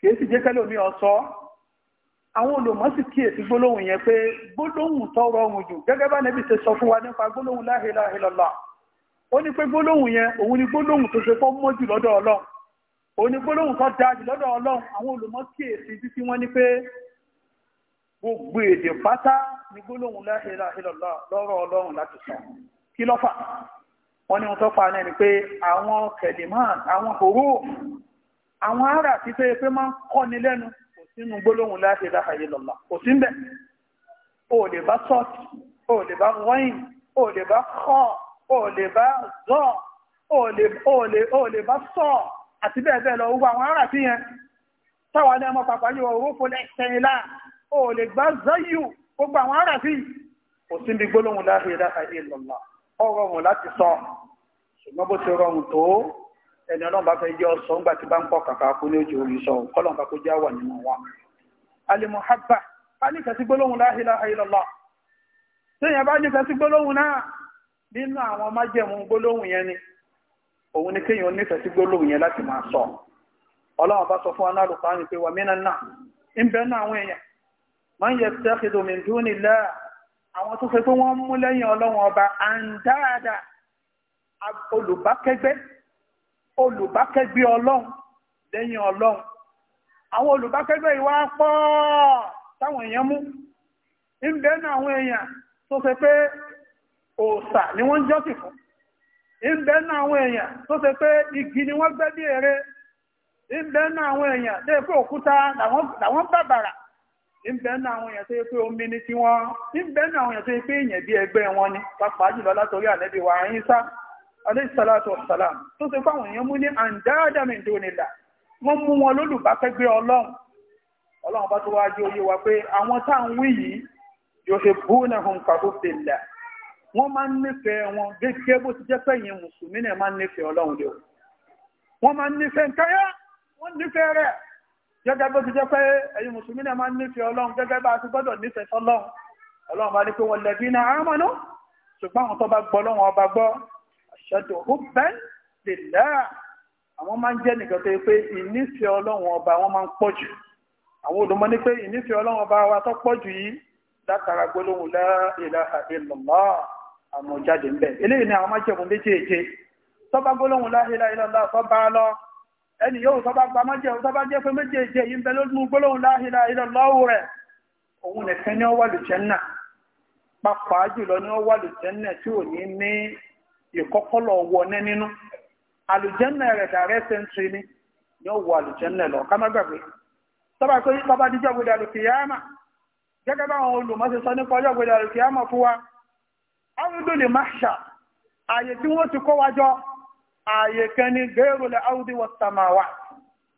kìí sì jẹ́ kẹ́lòmí ọ̀sọ́ àwọn olùmọ̀ sì kíyèsí gbólóhùn yẹn pé gbólóhùn tó rọrùn jù gẹ́gẹ́ bá nẹ́bí ṣe sọ fún wa nípa gbólóhùn la ilaha illallah ó ní pé gbólóhùn yẹn òun ni gbólóhùn tó ṣe fọ́ mọ́jù lọ́dọ̀ ọlọ́run òun ni gbólóhùn tó dáa jù lọ́dọ̀ ọlọ́run àwọn olùmọ̀ kíyèsí títí wọ́n ní pé gbogbo èdè pátá ní gbólóhùn la ilaha illallah lọ́rọ̀ ọlọ́run láti sọ kí lọ́fà wọ́n ní wọ́n tó fa náà ni pé àwọn kẹ̀lìmán àwọn òró àwọn ará àti pé pé máa ń kọ́ni lẹ́nu kò sínú gbólóhùn la ilaha illallah kò sí mbẹ̀ o lè bá sọ́ọ̀t o lè bá wọ́ìn o lè bá kọ́ o lè bá zọ́ o lè bá sọ́ àti bẹ́ẹ̀ bẹ́ẹ̀ lọ gbogbo àwọn ará àti yẹn táwa ní ọmọ pàpà yóò rúfo lẹ́sẹ̀ láà o lè gbá zayu gbogbo àwọn ará sí kò sí ibi gbólóhùn la ilaha illallah ó ti rọrùn tó ẹni ọlọ́run bá fẹ́ jẹ́ ọsọ ńgbà tí bá ń pọ̀ kàkà kú ní ojú orí sọ kọ́lọ̀ bá kó já wà nínú wa alimuhabba a la ilaha illallah tí èèyàn bá nífẹ̀ẹ́ sí gbólóhùn náà nínú àwọn májẹ̀mú gbólóhùn yẹn ni òun ni kéèyàn nífẹ̀ẹ́ sí gbólóhùn yẹn láti máa sọ ọlọ́run bá sọ fún wa náà lùkọ́ àrùn pé wà mí náà ń bẹ́ẹ̀ náà àwọn èèyàn man yattakhidhu min dunillah àwọn tó fẹ́ pé wọ́n mú lẹ́yìn ọlọ́run ọba àǹdáàdà olùbákẹ́gbẹ́ olùbákẹ́gbẹ́ ọlọ́run lẹ́yìn ọlọ́run àwọn olùbákẹ́gbẹ́ ìwà pọ̀ táwọn èèyàn mú ìbẹ́nu àwọn èèyàn tó fẹ́ pé òòṣà ni wọ́n jọ́sìn fún ìbẹ́nu àwọn èèyàn tó fẹ́ pé igi ni wọ́n gbẹ́ bí ère ìbẹ́nu àwọn èèyàn lè pé òkúta làwọn bàbàrà níbẹ̀ẹ́nà àwọn èèyàn tó yẹ pé omi ní tí wọ́n níbẹ̀ẹ́nà àwọn èèyàn tó yẹ pé èèyàn bí ẹgbẹ́ wọn ni pàápàá jùlọ látọrí ànẹ́bí wa àyínsá aléṣàlátù ọ̀sàlám tó ṣe fáwọn èèyàn mú ní àǹdáàdàmì ìdónilà wọ́n mú wọn lólùbákẹ́gbẹ́ ọlọ́run ọlọ́run bá tó wá jẹ́ oyé wa pé àwọn táwọn wí yìí yóò ṣe bú náà hùn kàkófèlà wọ́n máa ń nífẹ̀ẹ́ wọn gẹ́gẹ́ bó ti jẹ́ pẹ̀yìn mùsùlùmí náà máa ń nífẹ̀ẹ́ ọlọ́run lé wọn máa ń nífẹ̀ẹ́ nkáyà wọ́n nífẹ̀ẹ́ rẹ̀ gẹ́gẹ́ bó ti jẹ́ pé ẹ̀yin mùsùlùmí náà máa ń nífẹ̀ẹ́ ọlọ́run gẹ́gẹ́ bá a ti gbọ́dọ̀ nífẹ̀ẹ́ sọ́lọ́run ọlọ́run bá ní pé wọ́n lẹ̀bí iná àmọ́nú ṣùgbọ́n àwọn tó bá gbọ́ lọ́wọ́n ọba gbọ́ ṣẹ́dọ̀ ó bẹ́ẹ̀ lè lẹ́ àwọn máa ń jẹ́ nìkan tó yẹ pé ìnífẹ̀ẹ́ ọlọ́run ọba wọn máa ń pọ̀ jù àwọn olùmọ̀ ní pé ìnífẹ̀ẹ́ ọlọ́run ọba wa tó pọ̀ jù yìí látara gbólóhùn la ilaha ẹni yóò sọ bá gba májẹ̀ òun sábá jẹ́ pé méjèèjì yìí ń bẹ lórí rẹ̀ òun nìkan ni ó wà jùlọ ni ó wà tí ò ní ní ìkọ́kọ́lọ̀ nínú rẹ̀ dàrẹ́ sẹ́ńtì ni ni ó lọ ká má gbàgbé sọ́ba pé díjọ́ gbèdà lùkìyàmà gẹ́gẹ́ báwọn olùmọ́sí sọ nípa ọjọ́ gbèdà fún wa máṣà àyè tí wọ́n ti wájọ́ ààyè kan ní gẹ́rùlẹ̀ áúdí wọ wà.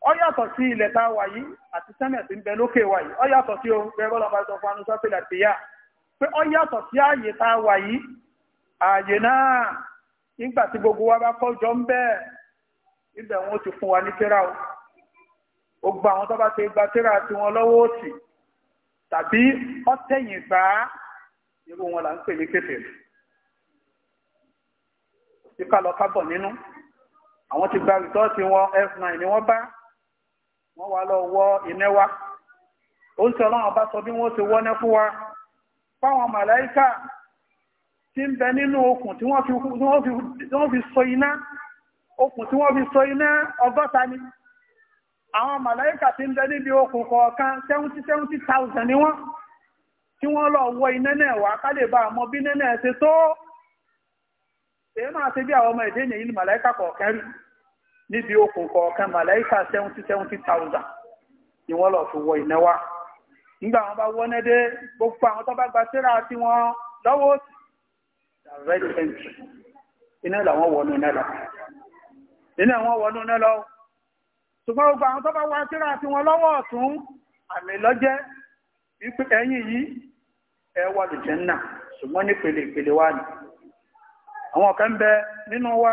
ọ yàtọ̀ sí ilẹ̀ tá wà yìí àti sẹ́mẹ̀ tí ń lókè wà yìí ọ yàtọ̀ sí ohun gẹ́rọ lọ́ba ìtọ́ fún anúṣọ́ sílẹ̀ yá pé ọ yàtọ̀ sí ààyè tá wà yìí ààyè náà nígbà gbogbo wa bá kọjọ ń bẹ́ẹ̀ ibẹ̀ wọn ti fún wa ní o ó gba àwọn ti gba tíra lọ́wọ́ tàbí gbà irú wọn là ń pè àwọn ti gba rìsọ́ọ̀tì wọn f9 ni wọ́n bá wọ́n wá lọ wọ́ iná wa ó ń sọ ọlọ́run bá sọ bí wọ́n ti wọ́ná fún wa fáwọn màláíkà tí ń bẹ nínú okùn tí wọ́n fi sọ iná okùn tí wọ́n fi sọ iná ọgọ́ta ni àwọn màláíkà tí ń bẹ níbi okùn kọ̀ọ̀kan 70,000 ni wọ́n tí wọ́n lọ wọ iná náà wá ká lè bá àmọ́ bí iná náà ṣe tó èyí máa ṣe bí àwọn ọmọ ìdí ènìyàn ìlú màláíkà kọ̀ọ̀kan rí níbi okùn kọ̀ọ̀kan màláìkà 70,000 ni wọ́n lọ fi wọ ìnáwá nígbà wọn bá wọ́n nẹ́dẹ́ gbogbo àwọn tó bá gba síra tí wọ́n lọ́wọ́ sí direct entry iná làwọn wọnú iná lọ iná wọn wọnú iná lọ ṣùgbọ́n gbogbo àwọn tó bá wá síra tí wọ́n lọ́wọ́ ọ̀tún àmì lọ́jẹ́ wípé ẹ̀yìn yìí ẹ wà lùjẹ́ náà ṣùgbọ́n nípele ìpele wa ni àwọn kan bẹ nínú wa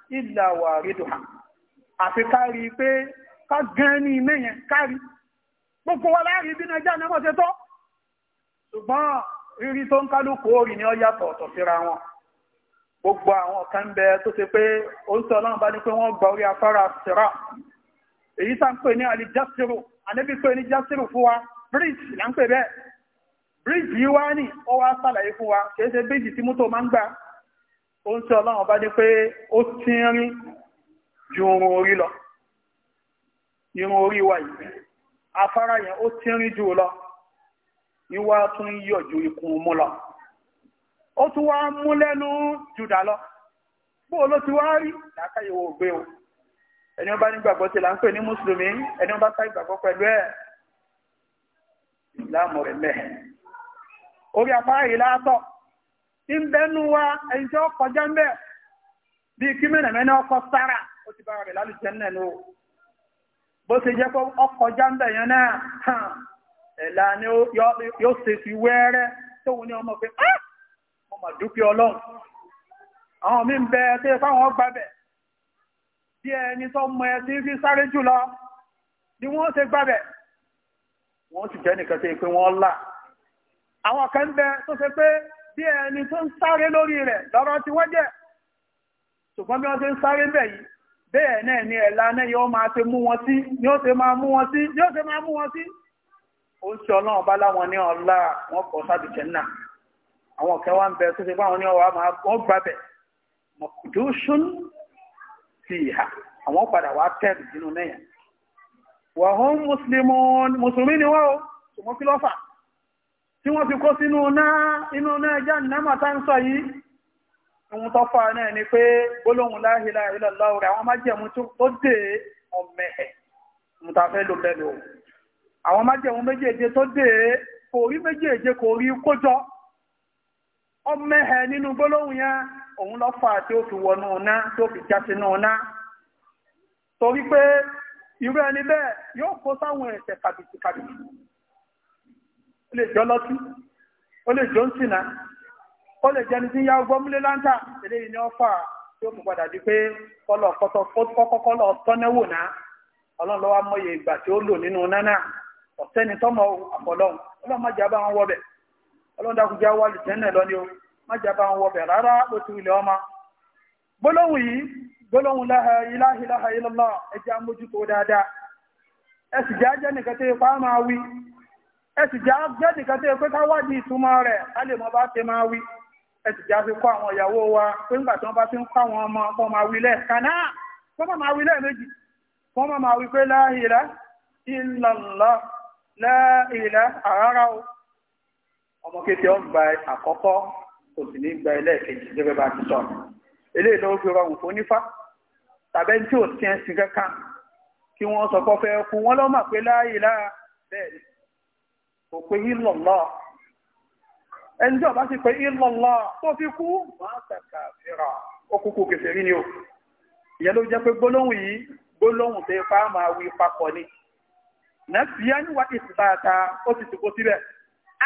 ìlà wà rídò àfi kárí pé ká gán ní ilé yẹn kárí gbogbo wa láàrin bí nàíjà náà ṣe tọ́ ṣùgbọ́n rírí tó ń kálukú orí ni ó yàtọ̀ ọ̀tọ̀ síra wọn gbogbo àwọn kan bẹ tó ṣe pé ó ń sọ ọlọ́run bá ní pé wọ́n gba orí afárá sira èyí tá ń pè ní alijasiru ànẹ́bí pé ní jasiru fún wa bridge là ń pè bẹ́ẹ̀ bridge yìí wá ní ó wá sàlàyé fún wa kìí ṣe bridge tí mọ́tò máa ń gbà ó ń tí ọlọ́run bá ní pé ó tí ń rí ju irun orí lọ irun orí wa yìí afárá yẹn ó tí ń rí jù lọ ìwà tún yọ ju ikùn mú lọ ó tún wá mú lẹ́nu jùdà lọ bó ló ti wá rí làákàyèwò ògbé o ẹni ó bá nígbàgbọ́ tí là ń pè ní mùsùlùmí ẹni ó bá ká ìgbàgbọ́ pẹ̀lú ẹ̀ láàmú rẹ̀ mẹ́ orí afárá yìí látọ̀ ìbẹ́nu wa ẹni tí ó kọjá ń bẹ̀ bí kí ọkọ̀ sára ó ti bára rẹ̀ lálùjẹ́ náà ló bó ṣe jẹ́ pé ọkọjá ń bẹ̀ yẹn náà hàn ẹ̀là ni yóò ṣe fi wẹ́rẹ́ ní ọmọ pé ọlọ́run àwọn mí ń bẹ ẹ tẹ́ fáwọn ọgbà bẹ̀ bí ẹni tó mọ ẹ fi sáré jùlọ ni wọ́n ṣe gbà bẹ̀ wọ́n sì jẹ́ nìkan ṣe pé wọ́n bẹ bí ẹni tó ń sáré lórí rẹ̀ lọ́rọ̀ tí wọ́n jẹ́ ṣùgbọ́n bí wọ́n ṣe ń sáré bẹ̀ yìí bẹ́ẹ̀ náà ni ẹ̀lá náà yóò máa ṣe mú wọn sí yóò ṣe máa mú wọn sí yóò ṣe máa mú wọn sí ó ń ṣe ọlọ́run bá láwọn ní ọ̀la wọn kọ̀ sábì jẹ́nà àwọn ọ̀kẹ́ wa ń bẹ tó ṣe pé àwọn ní ọwọ́ máa wọ́n gbà bẹ̀ mọ̀kùdú ṣún ti ìhà àwọn padà wá tẹ̀rù sínú náà wà mùsùlùmí ni wọ́n o ṣùgbọ́n kí ló tí wọ́n fi kó sínú inú náà jahannama tá ń sọ yìí ohun tó fà náà ni pé gbólóhùn la ilaha rẹ̀ àwọn májẹ̀mú tó dé ọ̀mẹ̀ẹ̀ mùtàfẹ́ ló bẹ̀rẹ̀ o àwọn májẹ̀mú méjèèje tó dé kò rí méjèèje kò rí nínú yẹn òun lọ fà kó sáwọn ó lè jọ lọ́tí ó lè jọ ń sìnà ó lè jẹni tí yá ọgbọ́n múlé láńtà eléyìí ni ó tí ó fi padà di pé kọ́lọ̀ kọ́kọ́kọ́lọ̀ tọ́nẹ́wò náà ọlọ́run lọ́wọ́ ìgbà tí ó lò nínú nánà ọ̀sẹ́ni tọ́mọ àpọ̀lọ́run ọlọ́run májà bá wọn wọbẹ̀ ọlọ́run wà lùtẹ́nẹ̀ májà bá wọn wọbẹ̀ rárá ẹsìjá jẹ́ nìkan tó yẹ pé káwádìí ìtumọ̀ rẹ̀ a lè mọ bá ṣe máa wí ẹsìjá fi kọ́ àwọn ìyàwó wa pé ńgbà tí wọ́n bá ti ń kọ́ àwọn ọmọ kọ́ máa wí lẹ̀ kàná kọ́ máa máa wí la ilaha illallah la ilaha àrárá o ọmọ kékeré ó gba àkọ́kọ́ kò sì ní gba ẹlẹ́ẹ̀kejì gẹ́gẹ́ bá ti sọ eléyìí ló fi rọrùn fún nífà tàbẹ́ tí ò sí ẹ̀sìn kí wọ́n sọ fẹ́ kú wọ́n lọ́ pé la ilaha bẹ́ẹ̀ kò pé illallah ẹni tí ọba sì pé illallah tó fi kú máa tẹ̀ka fìrà okùnkùn kèfèrí ni o ìyẹn ló jẹ́ pé gbólóhùn yìí gbólóhùn tó ipá máa wí papọ̀ ni nẹ́fìyà níwá ìsìbáta ó ti sìnkú síbẹ̀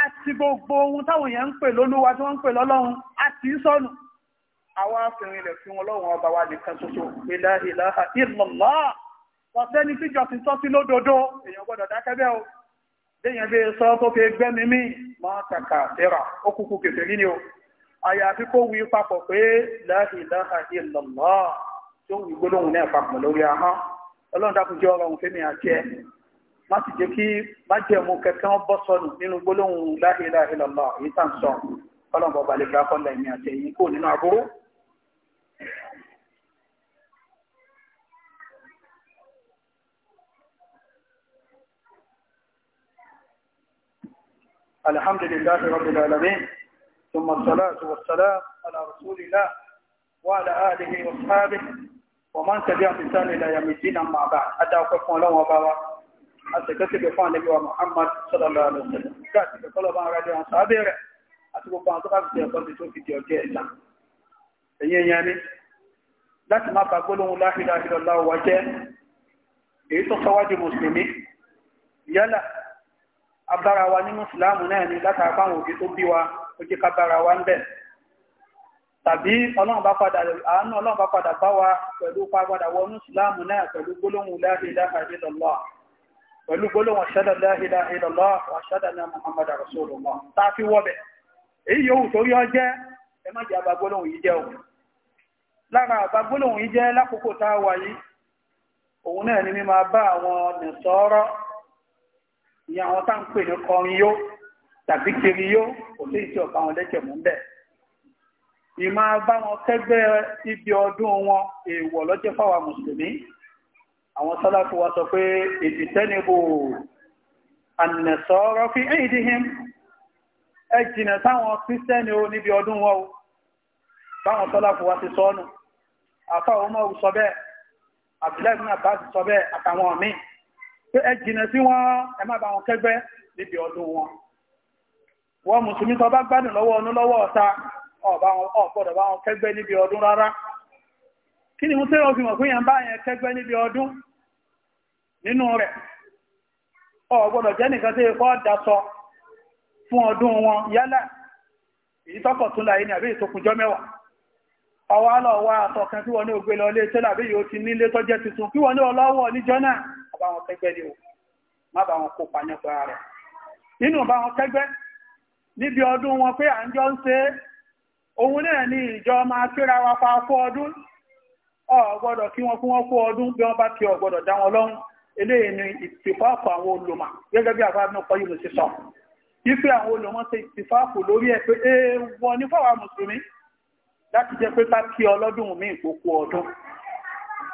àti gbogbo ohun táwọn èèyàn ń pè lólúwa tí wọ́n ń pè lọ́lọ́run àti sọnù àwọn afẹ́rin ilẹ̀ fi wọn ọba wa nìkan ṣoṣo la ilaha illallah wọ́n sẹ́ni tíjọ́ ti tọ́ sí lódodo èèyàn gbọ́dọ̀ dákẹ́ o téèyàn bí sọ tó fi gbẹ́mi mí máa tàkà tẹ́ra ó kúkú kèfèrí ni o àyàfi kó wí papọ̀ pé la ilaha illallah tó wí gbólóhùn náà papọ̀ lórí ahọ́n ọlọ́run dákun jẹ́ ọrọ̀ òfin mi àti ẹ̀ má sì jẹ́ kí la ilaha illallah èyí tà ń sọ ọlọ́run bọ̀ balẹ̀ الحمد لله رب العالمين ثم الصلاة والسلام على رسول الله وعلى آله وصحابه ومن تبع بسان إلى يوم الدين أما بعد أدعى قفوا لهم وبابا أتكتب فان نبي محمد صلى الله عليه وسلم كاتب طلبا رضي عن صحابه أتبع فان تقف في أقل تشوف في جيسا يعني láti má bá gbólóhùn la ilaha illallah wa jẹ́ èyí tó sọwájú abára wa nínú ìsìláàmù náà ni látara fáwọn òbí tó bí wa ó jẹ́ ká bára wa ń bẹ̀ tàbí ọlọ́run bá padà àánú ọlọ́run bá padà bá wa pẹ̀lú padà wọnú ìsìláàmù náà pẹ̀lú gbólóhùn la ilaha illallah pẹ̀lú gbólóhùn muhammad rasulullah tá a fi wọ́bẹ̀ èyí yòówù torí ọ jẹ́ ẹ má jẹ́ àbá gbólóhùn yìí jẹ́ òun lára àbá gbólóhùn ìyá àwọn tá ń pè ní kọrin yó tàbí kiri yó kò sí ìtì ọ̀bá wọn lẹ́jẹ̀ mú bẹ́ẹ̀. ìmọ̀ bá wọn kẹ́gbẹ́ ibi ọdún wọn èèwọ̀ lọ́jẹ́ fáwa mùsùlùmí àwọn sàláfù wa sọ pé ìdìtẹ́nibò ànẹ̀sọ́rọ́ fi ẹ̀yìndíhìn ẹ jìnà táwọn kírísítẹ́nì ó níbi ọdún wọn o báwọn sàláfù wa ti sọ́nù àfáwọn ọmọ òun sọ bẹ́ẹ̀ àbílẹ̀ ìgbìmọ̀ bá ti sọ bẹ́ẹ̀ àtàwọn míì pé ẹ jìnà sí wọn ẹ má bá wọn kẹ́gbẹ́ níbi ọdún wọn wọ́n mùsùlùmí tó bá gbádùn lọ́wọ́ ọdún lọ́wọ́ ọ̀ta ọ̀gbọ́dọ̀ bá wọn kẹ́gbẹ́ níbi ọdún rárá kí ni mo tẹ́rọ fi mọ̀ fún yàn bá yẹn kẹ́gbẹ́ níbi ọdún nínú rẹ̀ ọ̀gbọ́dọ̀ jẹ́ nìkan tí ẹkọ́ dasọ fún ọdún wọn yálà èyí tọ́kọ̀ tún láyé ní àbí ìtòkùnjọ́ mẹ́wàá ọwọ́ alọ́wọ́ àtọ̀kan tí wọ́n ní ògbélọ́lé tẹ́lá àbí yóò ti nílé tọ́jẹ́ tuntun kí wọ́n ní ọlọ́wọ́ níjọ́ náà ọba wọn kẹgbẹ́ ni o má bá wọn kópa nípa rẹ̀ nínú bá wọn kẹgbẹ́ níbi ọdún wọn pé à ń jọ ń ṣe òun náà ní ìjọ máa kíra wa pa kó ọdún ọ gbọ́dọ̀ kí wọn fún wọn kó ọdún bí wọn bá kí ọ gbọ́dọ̀ dá wọn lọ́rùn eléyìí ni ìtìfáàfù àwọn olùmọ̀ gẹ́gẹ́ bí àbábínú kọ́ yìí ló ṣe sọ ife àwọn olùmọ̀ ṣe ìtìfáàfù lórí ẹ̀ pé èèwọ̀ ní fáwọn mùsùlùmí láti jẹ́ pé ká kí ọlọ́dún mi ìkókó ọdún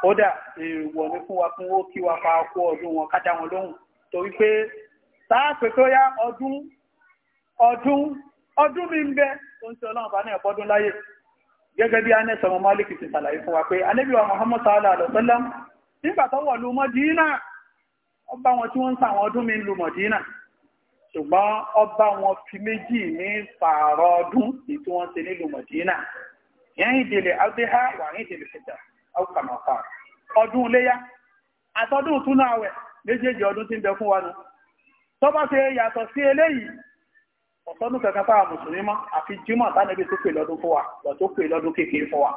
kódà èèwọ̀ ní fún wa fún ó kí wa pa kú ọdún wọn kájá wọn lóhùn torí pé sáàpẹ̀ tó yá ọdún ọdún ọdún mi ń bẹ tó ń ọlọ́run bá ní fún wa pé alẹ́bíwá Muhammad sallallahu alaihi wasallam nígbà àwùkàmọ̀fà ọdún iléyá àtọdún túnú àwẹ̀ méjèèjì ọdún tí ń bẹ fún wa nù tó bá ṣe yàtọ̀ sí eléyìí ọ̀tọ́dún kankan fáwọn mùsùlùmí mọ́ àfi jímọ̀ tánàbí tó pè lọ́dún fún wa lọ tó pè lọ́dún kékeré fún wa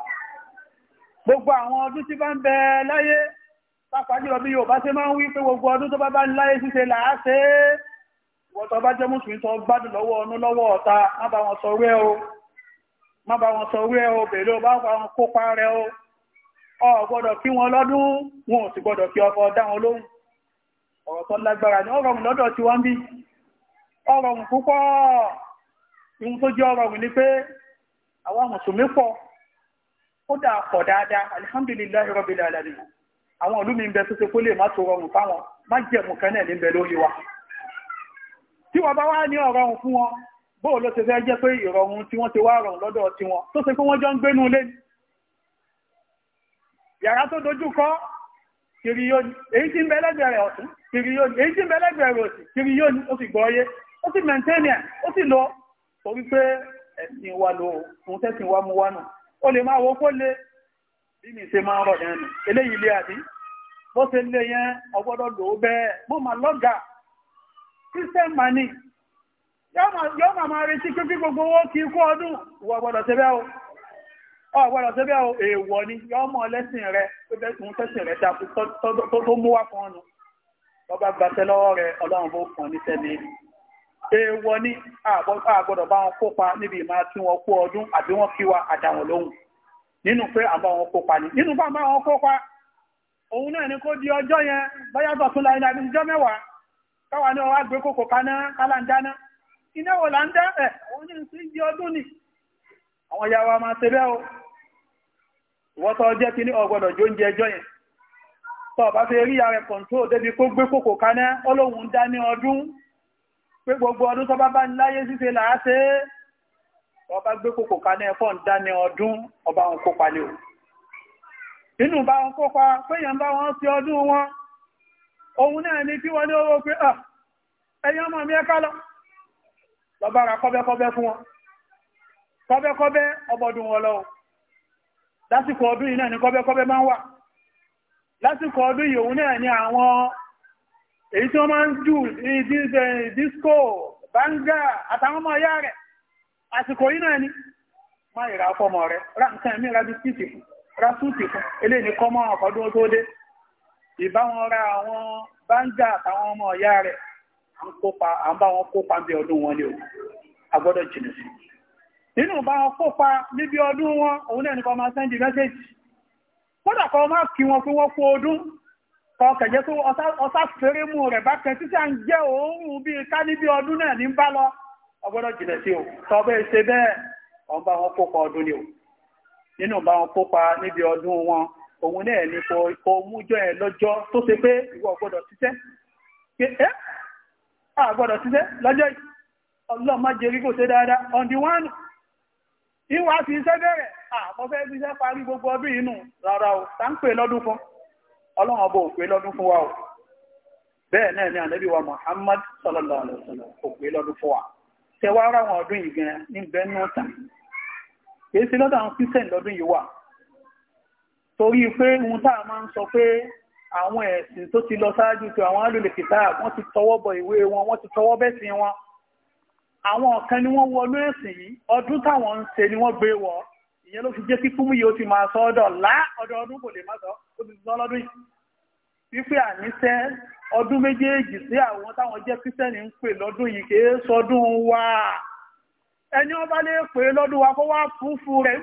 gbogbo àwọn ọdún tí bá ń bẹ láyé pàápàá jùlọ bí Yorùbá ṣe máa ń wí pé gbogbo ọdún tó bá bá láyé ṣíṣe làá ṣe é wọ́n tó bá jẹ́ mùsùlùmí tó gbádùn lọ́wọ́ ọnú lọ́wọ́ ọ̀ta má bá wọn sọ rẹ́ o má bá wọn sọ rẹ́ o bèèrè o bá wọn kópa rẹ o ọ gbọ́dọ̀ kí wọn lọ́dún wọn ò sì gbọ́dọ̀ kí ọkọ̀ dá wọn lóhùn ọ̀rọ̀ tó lágbára ní ọ̀rọ̀mù lọ́dọ̀ tí wọ́n bí ọ̀rọ̀mù púpọ̀ ihun tó jẹ́ ọ̀rọ̀mù ni pé àwọn mùsùlùmí pọ̀ ó dà pọ̀ dáadáa alihamdulilayi rabbil alamin àwọn ìlú mi ń bẹ tó ṣe kó lè má tó rọrùn fáwọn má jẹ̀mù kan náà ní bẹ lórí wa tí wọ́n bá wá ní ọ̀rọ̀mù fún wọn bóò ló fẹ́ jẹ́ pé ìrọ̀rùn tí wọ́n ti wá rọrùn lọ́dọ̀ tí wọn tó ṣe pé wọ́n jọ ń gbénú lẹ́nu yàrá tó dojú kọ kiri yóò ní èyí tí ń kiri yóò sì ọyé sì sì lọ torí pé ẹ̀sìn fún tẹ́sìn ó lè máa wo kó lé bí mi máa rọ̀ eléyìí lé àbí bó lé yẹn ọgbọ́dọ̀ lò ó bẹ́ẹ̀ mo lọ́gà christian money máa retí gbogbo owó kí ikú ọdún gbọ́dọ̀ ọ̀gbọ́dọ̀ tó bẹ́ẹ̀ èèwọ̀ ni yọ́mọ lẹ́sìn rẹ tó tẹ́sìn tẹ́sìn rẹ dákú tó mú wá kan nù bọ́bá gbaṣẹ́ lọ́wọ́ rẹ ọlọ́run bó kàn ní sẹ́ni èèwọ̀ ni àgbọ́dọ̀ bá wọn kópa níbi ìmá tí wọn kú ọdún àbí wọn kí wa àdáwọn lóhùn nínú pé àbá wọn kópa ni nínú bá wọn kópa òun náà ni kó di ọjọ́ yẹn bóyá bọ̀tún la ilẹ̀ àbí ìjọ mẹ́wàá káwa ní ọwọ́ àgbẹ̀ kòkò kaná kálá ń dáná iná wò là ń dá ẹ̀ òun ní sí di ọdún ni àwọn ìyá máa ṣe bẹ́ẹ̀ o wọ́n tọ́ jẹ́ kí ní ọgbọ̀dọ̀ jó ń jẹ ẹjọ́ yẹn tọ́ bá fẹ́ rí ààrẹ kọ̀ǹtó débi kó gbé kòkò kaná ọlọ́hun dá ní ọdún pé gbogbo ọdún tọ́ bá bá ní láyé ṣíṣe làáṣẹ́ ọba gbé kòkò kaná ẹ̀fọ́ ń dá ní ọdún ọba wọn kópa lé o inú bá wọn kópa péyàn bá wọn sí ọdún wọn òun náà ni kí wọn ní owó pé à ah, ẹ̀yàn ọmọ mi ẹ̀ka lọ lọ́ba kọ́bẹ́kọ́bẹ́ fún wọn kọ́bẹ́kọ́bẹ́ ọbọdún wọn lọ́wọ́ lásìkò ọdún yìí náà ni kọ́bẹ́kọ́bẹ́ máa ń wà lásìkò ọdún yìí òun náà ni àwọn èyí tí wọ́n máa ń jù disco banga àtàwọn ọmọ ọ̀yá rẹ̀ àsìkò yìí náà ni má ìrà fọmọ rẹ̀ ra nǹkan ẹ̀mí fún ra súùtì fún eléyìí tó dé ìbáwọn ra àwọn banga àtàwọn ọmọ ọ̀yá rẹ̀ à wọn kópa bí ọdún wọn ni o a jìnnà sí nínú bá wọn kópa níbi ọdún wọn òun náà nìkan máa sẹ́ndì mẹ́sẹ̀jì kódà kọ máa kí wọn fún wọn kú ọdún kọ kẹ̀jẹ́ tó ọsá fèrè mú rẹ̀ bá kẹ títí à ń jẹ́ òórùn bí ká níbi ọdún náà ní bá lọ ọgbọ́dọ̀ jìnà sí o tọ́bẹ̀ ṣe bẹ́ẹ̀ wọ́n bá wọn ni o nínú bá wọn kópa níbi ọdún wọn òun náà ní kọ mújọ ẹ lọ́jọ́ tó ṣe pé ìwọ ọgbọ́dọ̀ jẹ́ rí kò dáadáa on the one ìwà ise iṣẹ́ bẹ̀rẹ̀ àpọ́fẹ́ bí iṣẹ́ parí gbogbo ọdún inú rárá o tá ń pè lọ́dún fún ọba ò pè lọ́dún fún wa o bẹ́ẹ̀ náà ni ànábì wa Muhammad sallallahu alaihi wasallam pè lọ́dún fún wa tẹ wá ọdún yìí gan ní bẹ́ẹ̀nù ọ̀tà èyí sí lọ́dọ̀ àwọn torí pé ohun a máa ń sọ pé àwọn ẹ̀sìn tó ti lọ ṣáájú tó àwọn alólè wọ́n ti tọwọ́ bọ ìwé wọn wọ́n àwọn ọ̀kan ni wọ́n wọnú ẹ̀sìn yìí ọdún táwọn ń ṣe ni wọ́n gbé wọ ìyẹn ló fi jẹ́ kí fún yóò ti máa sọ ọ́dọ̀ lá ọdọọdún kò lè má sọ ó ti sọ lọ́dún yìí wípé àníṣe ọdún méjèèjì sí àwọn táwọn jẹ́ ń lọ́dún yìí kì í sọdún wa ẹni lè pè lọ́dún wa kó wá fúfú rẹ̀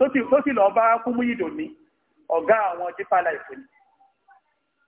níbo sí àwọn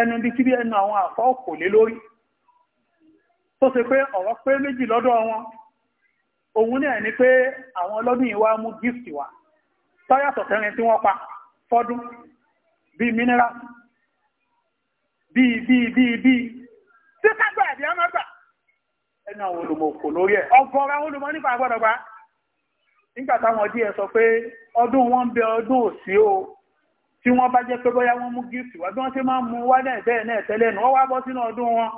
ẹnu bí kíbi ẹnu àwọn àfọ́ lé lórí tó ṣe pé ọ̀rọ̀ pé méjì lọ́dọ̀ wọn òun náà ni pé àwọn ọlọ́dún wa mú gift wá tọ́yàtọ̀ tẹ́rin tí wọ́n pa fọ́dún bíi mineral bíi bíi bíi bíi tí kágbà ẹ̀bí ọmọ gbà ẹnu àwọn olùmọ̀ lori lórí ẹ̀ ọgọ́rọ̀ àwọn olùmọ̀ nípa àgbọ̀dọ̀gbà nígbà táwọn díẹ̀ sọ pé ọdún wọn bẹ ọdún òsì o tí wọ́n bá jẹ́ pé bóyá wọ́n mú gíftì wá bí wọ́n ṣe máa mú wá náà bẹ́ẹ̀ náà tẹ́lẹ̀ nù wọ́n wá bọ́ sínú ọdún wọn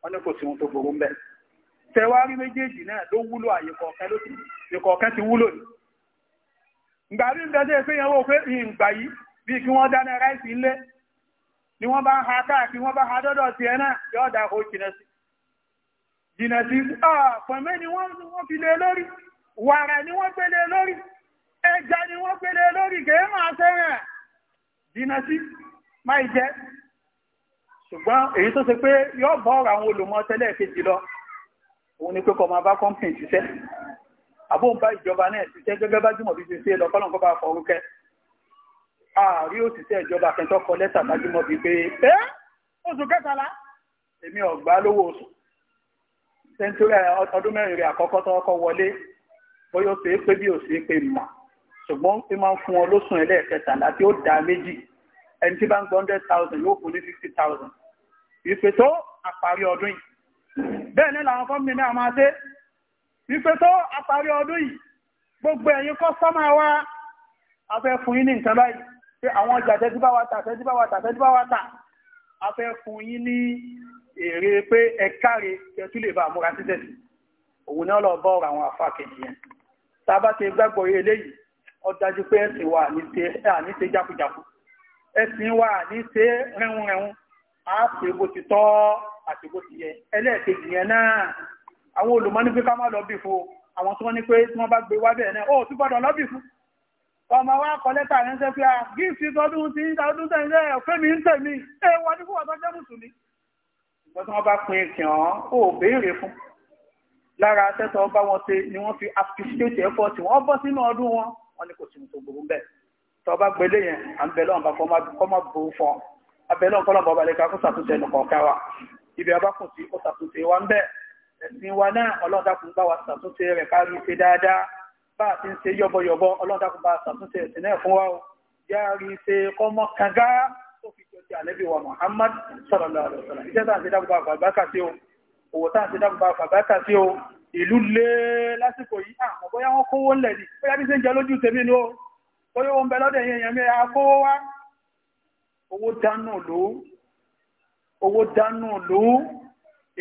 wọ́n ní kò sí ohun tó burú ń bẹ̀. tẹ̀wárí méjèèjì náà ló wúlò àyè kọ̀ọ̀kan ti wúlò ní. ìgbà rí nǹkan tẹ́ pé ìyàwó pé ìgbà yìí bí kí wọ́n dáná ráìsì ńlẹ̀ ni wọ́n bá ha káàkiri wọ́n bá ha dọ́dọ̀ sí ẹ náà yóò dá o jìnà sí. jìnà sí pọ̀nmẹ́ ni wọ́n fi lé lórí wàrà ni wọ́n gbélé lórí ẹja ni wọ́n gbélé lórí kèé máa dínà sí máì jẹ́ ṣùgbọ́n èyí tó ṣe pé yóò bọ́ ọ̀rọ̀ àwọn olùmọ̀ tẹ́lẹ̀ kejì lọ òun ni pé kó máa bá kọ́mpìn ṣiṣẹ́ àbóhùn bá ìjọba náà ṣiṣẹ́ gẹ́gẹ́ bá jùmọ̀ bí ṣiṣẹ́ lọ kọ́lọ̀ kọ́ba fọrúkẹ́ ààrí òṣìṣẹ́ ìjọba kẹntọ́ kọ lẹ́tà bá jùmọ̀ bí pé ẹ́ oṣù kẹtàlá èmi ọ̀gbá lówó oṣù sẹ́ńtúrẹ̀ ọdún mẹ́rin rẹ̀ àkọ́kọ́ tọ́kọ́ wọlé bóyá ó ṣe é pé bí ó ṣe é pé mà ṣùgbọ́n ó máa ń fún ọ lóṣùn ẹlẹ́ẹ̀kẹtàlá tí ó dá méjì ẹni tí bá ń gbọ́ hundred thousand yóò fún ní fifty thousand ìpè tó àparí ọdún yìí bẹ́ẹ̀ ni làwọn kọ́mìnì náà máa dé ìpè tó àparí ọdún yìí gbogbo ẹ̀yin kọ́sọ́mà wa a fẹ́ fún yín ní nǹkan báyìí pé àwọn ọjà tẹ́tí bá wa tà tẹ́tí bá wa tà tẹ́tí bá wa tà a fẹ́ fún yín ní èrè pé ẹ káre kẹtù lè bá múra títẹ̀sí òun náà lọ bọ́ ọ̀rọ̀ àwọn àfa kejì yẹn tá a bá ti gbàgbọ́ eléyìí ó dájú pé ẹ̀sìn wa ní ṣe jákujàku ẹ̀sìn wa ní ṣe rẹ̀hunrẹ̀hun a ṣe bó ti tọ́ àti bó ti yẹ ẹlẹ́ẹ̀kejì yẹn náà àwọn olùmọ́ ní pé ká má lọ bí fún àwọn tí wọ́n ní pé tí wọ́n bá gbé wá bẹ́ẹ̀ náà ó tún gbọ́dọ̀ lọ bí fún ọmọ wa kọ lẹ́tà ránṣẹ́ pé a gíìsì tọdún tí ń tọdún tẹ̀lé ọ̀fẹ́ mi ń tẹ̀mí ẹ wà ní fún ọ̀tọ́ jẹ́ mùsùlùmí. ìgbọ́n tí wọ́n bá pin ìkìn ọ̀hún ó béèrè fún lára tẹ́tọ̀ bá wọn ṣe ni wọ́n fi appreciate effort wọ́n bọ́ sínú ọdún wọn wọ́n ní kò sí tó burú bẹ́ẹ̀ tó bá gbélé yẹn à ń bẹ lọ́nà kọ́ má burú fún ọ abẹ lọ́nà kọ́ lọ́nà balẹ̀ ká kó ṣàtúnṣe ẹnu kọ̀ọ̀ká wa ibi abá kù sí kó ṣàtúnṣe wa ń bẹ́ẹ̀ ẹ̀sìn wa náà ọlọ́run dákun bá wa ṣàtúnṣe rẹ̀ ká rí ṣe dáadáa bá a ti ń ṣe yọ̀bọ̀yọ̀bọ̀ ọlọ́run dákun bá a ṣàtúnṣe ẹ̀sìn náà fún wa o yá rí ṣe kọ́mọ kanga tó fi jọ ti àlẹ́bí wa Muhammad sallallahu alaihi wasallam iṣẹ́ tá à ń ṣe dákun bá a fà bákà sí o òwò tá à ń ṣe dákun bá a fà bákà sí o ìlú lé lásìkò yìí àwọn ah, bóyá wọ́n kówó ńlẹ̀ ní bóyá bí ṣe ń jẹ lójú tèmi ní o bóyá wọ́n bẹ lọ́dẹ̀ yẹn yẹn mẹ́ra kówó wá owó dánù ló owó dánù ló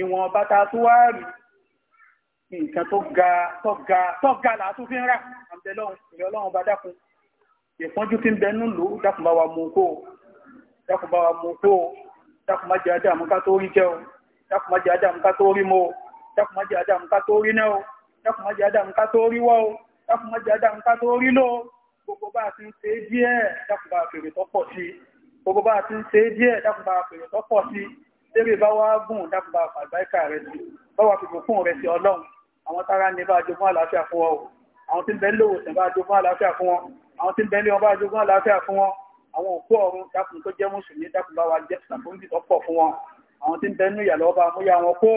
ìwọ̀n bàtà tó wá rí nǹkan tó ga tó ga tó ga làátú fi ń rà àbẹ̀lọ́hùn ìrẹ́ ọlọ́run bá dákun ìpọ́njú tí ń bẹ nù ló dákun bá wa mú kó dákun bá wa mú kó dákun má jẹ́ ajá àmúká tó rí jẹ́ dákun má jẹ́ ajá àmúká tó rí mọ́ dákun má jẹ́ àdàmú ká tó rí náà o dákun má jẹ́ àdàmú ká tó rí wọ́ o dákun má jẹ́ àdàmú ká tó rí lò ó gbogbo bá a ti ń ṣe é díẹ̀ dákun bá a fèrè tó pọ̀ sí i gbogbo bá a ti ń ṣe é díẹ̀ dákun bá a fèrè tó pọ̀ sí i lérè bá wá gùn dákun bá a fàgbáìkà rẹ sí bá wà fìbò fún rẹ sí ọlọ́run àwọn tára ní bá jogún àlàáfíà fún wọn o àwọn tí ń bẹ ń bá jogún àlàáfíà fún wọn àwọn tí ń bẹ lé wọn bá jogún àlàáfíà fún wọn àwọn òkú ọ̀run dákun tó jẹ́ mùsùlùmí dákun bá wa jẹ́ sàkóńtì tó pọ̀ fún wọn àwọn tí ń bẹ nú ìyàlọ́ bá a wọn kó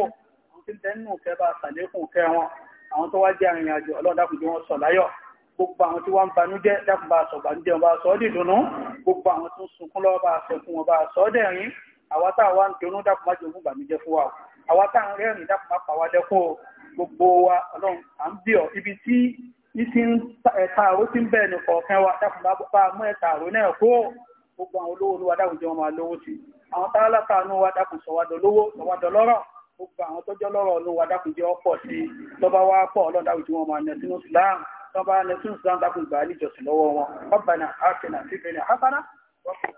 tí ń tẹ́nu kẹ́ bá sàlékùn kẹ́ wọn àwọn tó wá jẹ́ arìnrìn àjò ọlọ́run dákun jẹ́ wọn sọ̀ láyọ̀ gbogbo àwọn tí wọ́n ń banújẹ́ dákun bá sọ̀ banújẹ́ wọn bá sọ ọ́ dìdùnnú gbogbo àwọn tó ń sunkún lọ́wọ́ bá sẹ̀kún wọn bá sọ ọ́ dẹ̀rín àwa tá àwa ń dunú dákun má jogún banújẹ́ fún wa o àwa tá à ń rẹ́rìn dákun má pa wá lẹ́kún o gbogbo wa ọlọ́run à ń bí ọ ibi tí ìsì ń ẹ̀ta àró ti ń bẹ̀ẹ̀ nìkọ̀ọ̀kan wa dákun bá mú ẹ̀ta àró náà kó gbogbo àwọn olówó olówó dákun jẹ́ wọn máa lówó sí àwọn tálákà àánú wa dákun sọ̀wádọ̀ lówó sọ̀wádọ̀ gbogbo àwọn tọ́jọ́ lọ́rọ̀ ọ̀nù wa dákùnjẹ́ ọ̀pọ̀ sí lọ́ba wá pọ̀ ọlọ́dà òjò wọn máa nẹ̀ Islam lọ́ba nẹ̀ sínú Islam dákùn gbà á níjọsìn lọ́wọ́ wọn ọ̀bànà àkẹ́nà fífẹ́ ní àkàrà wọ́pọ̀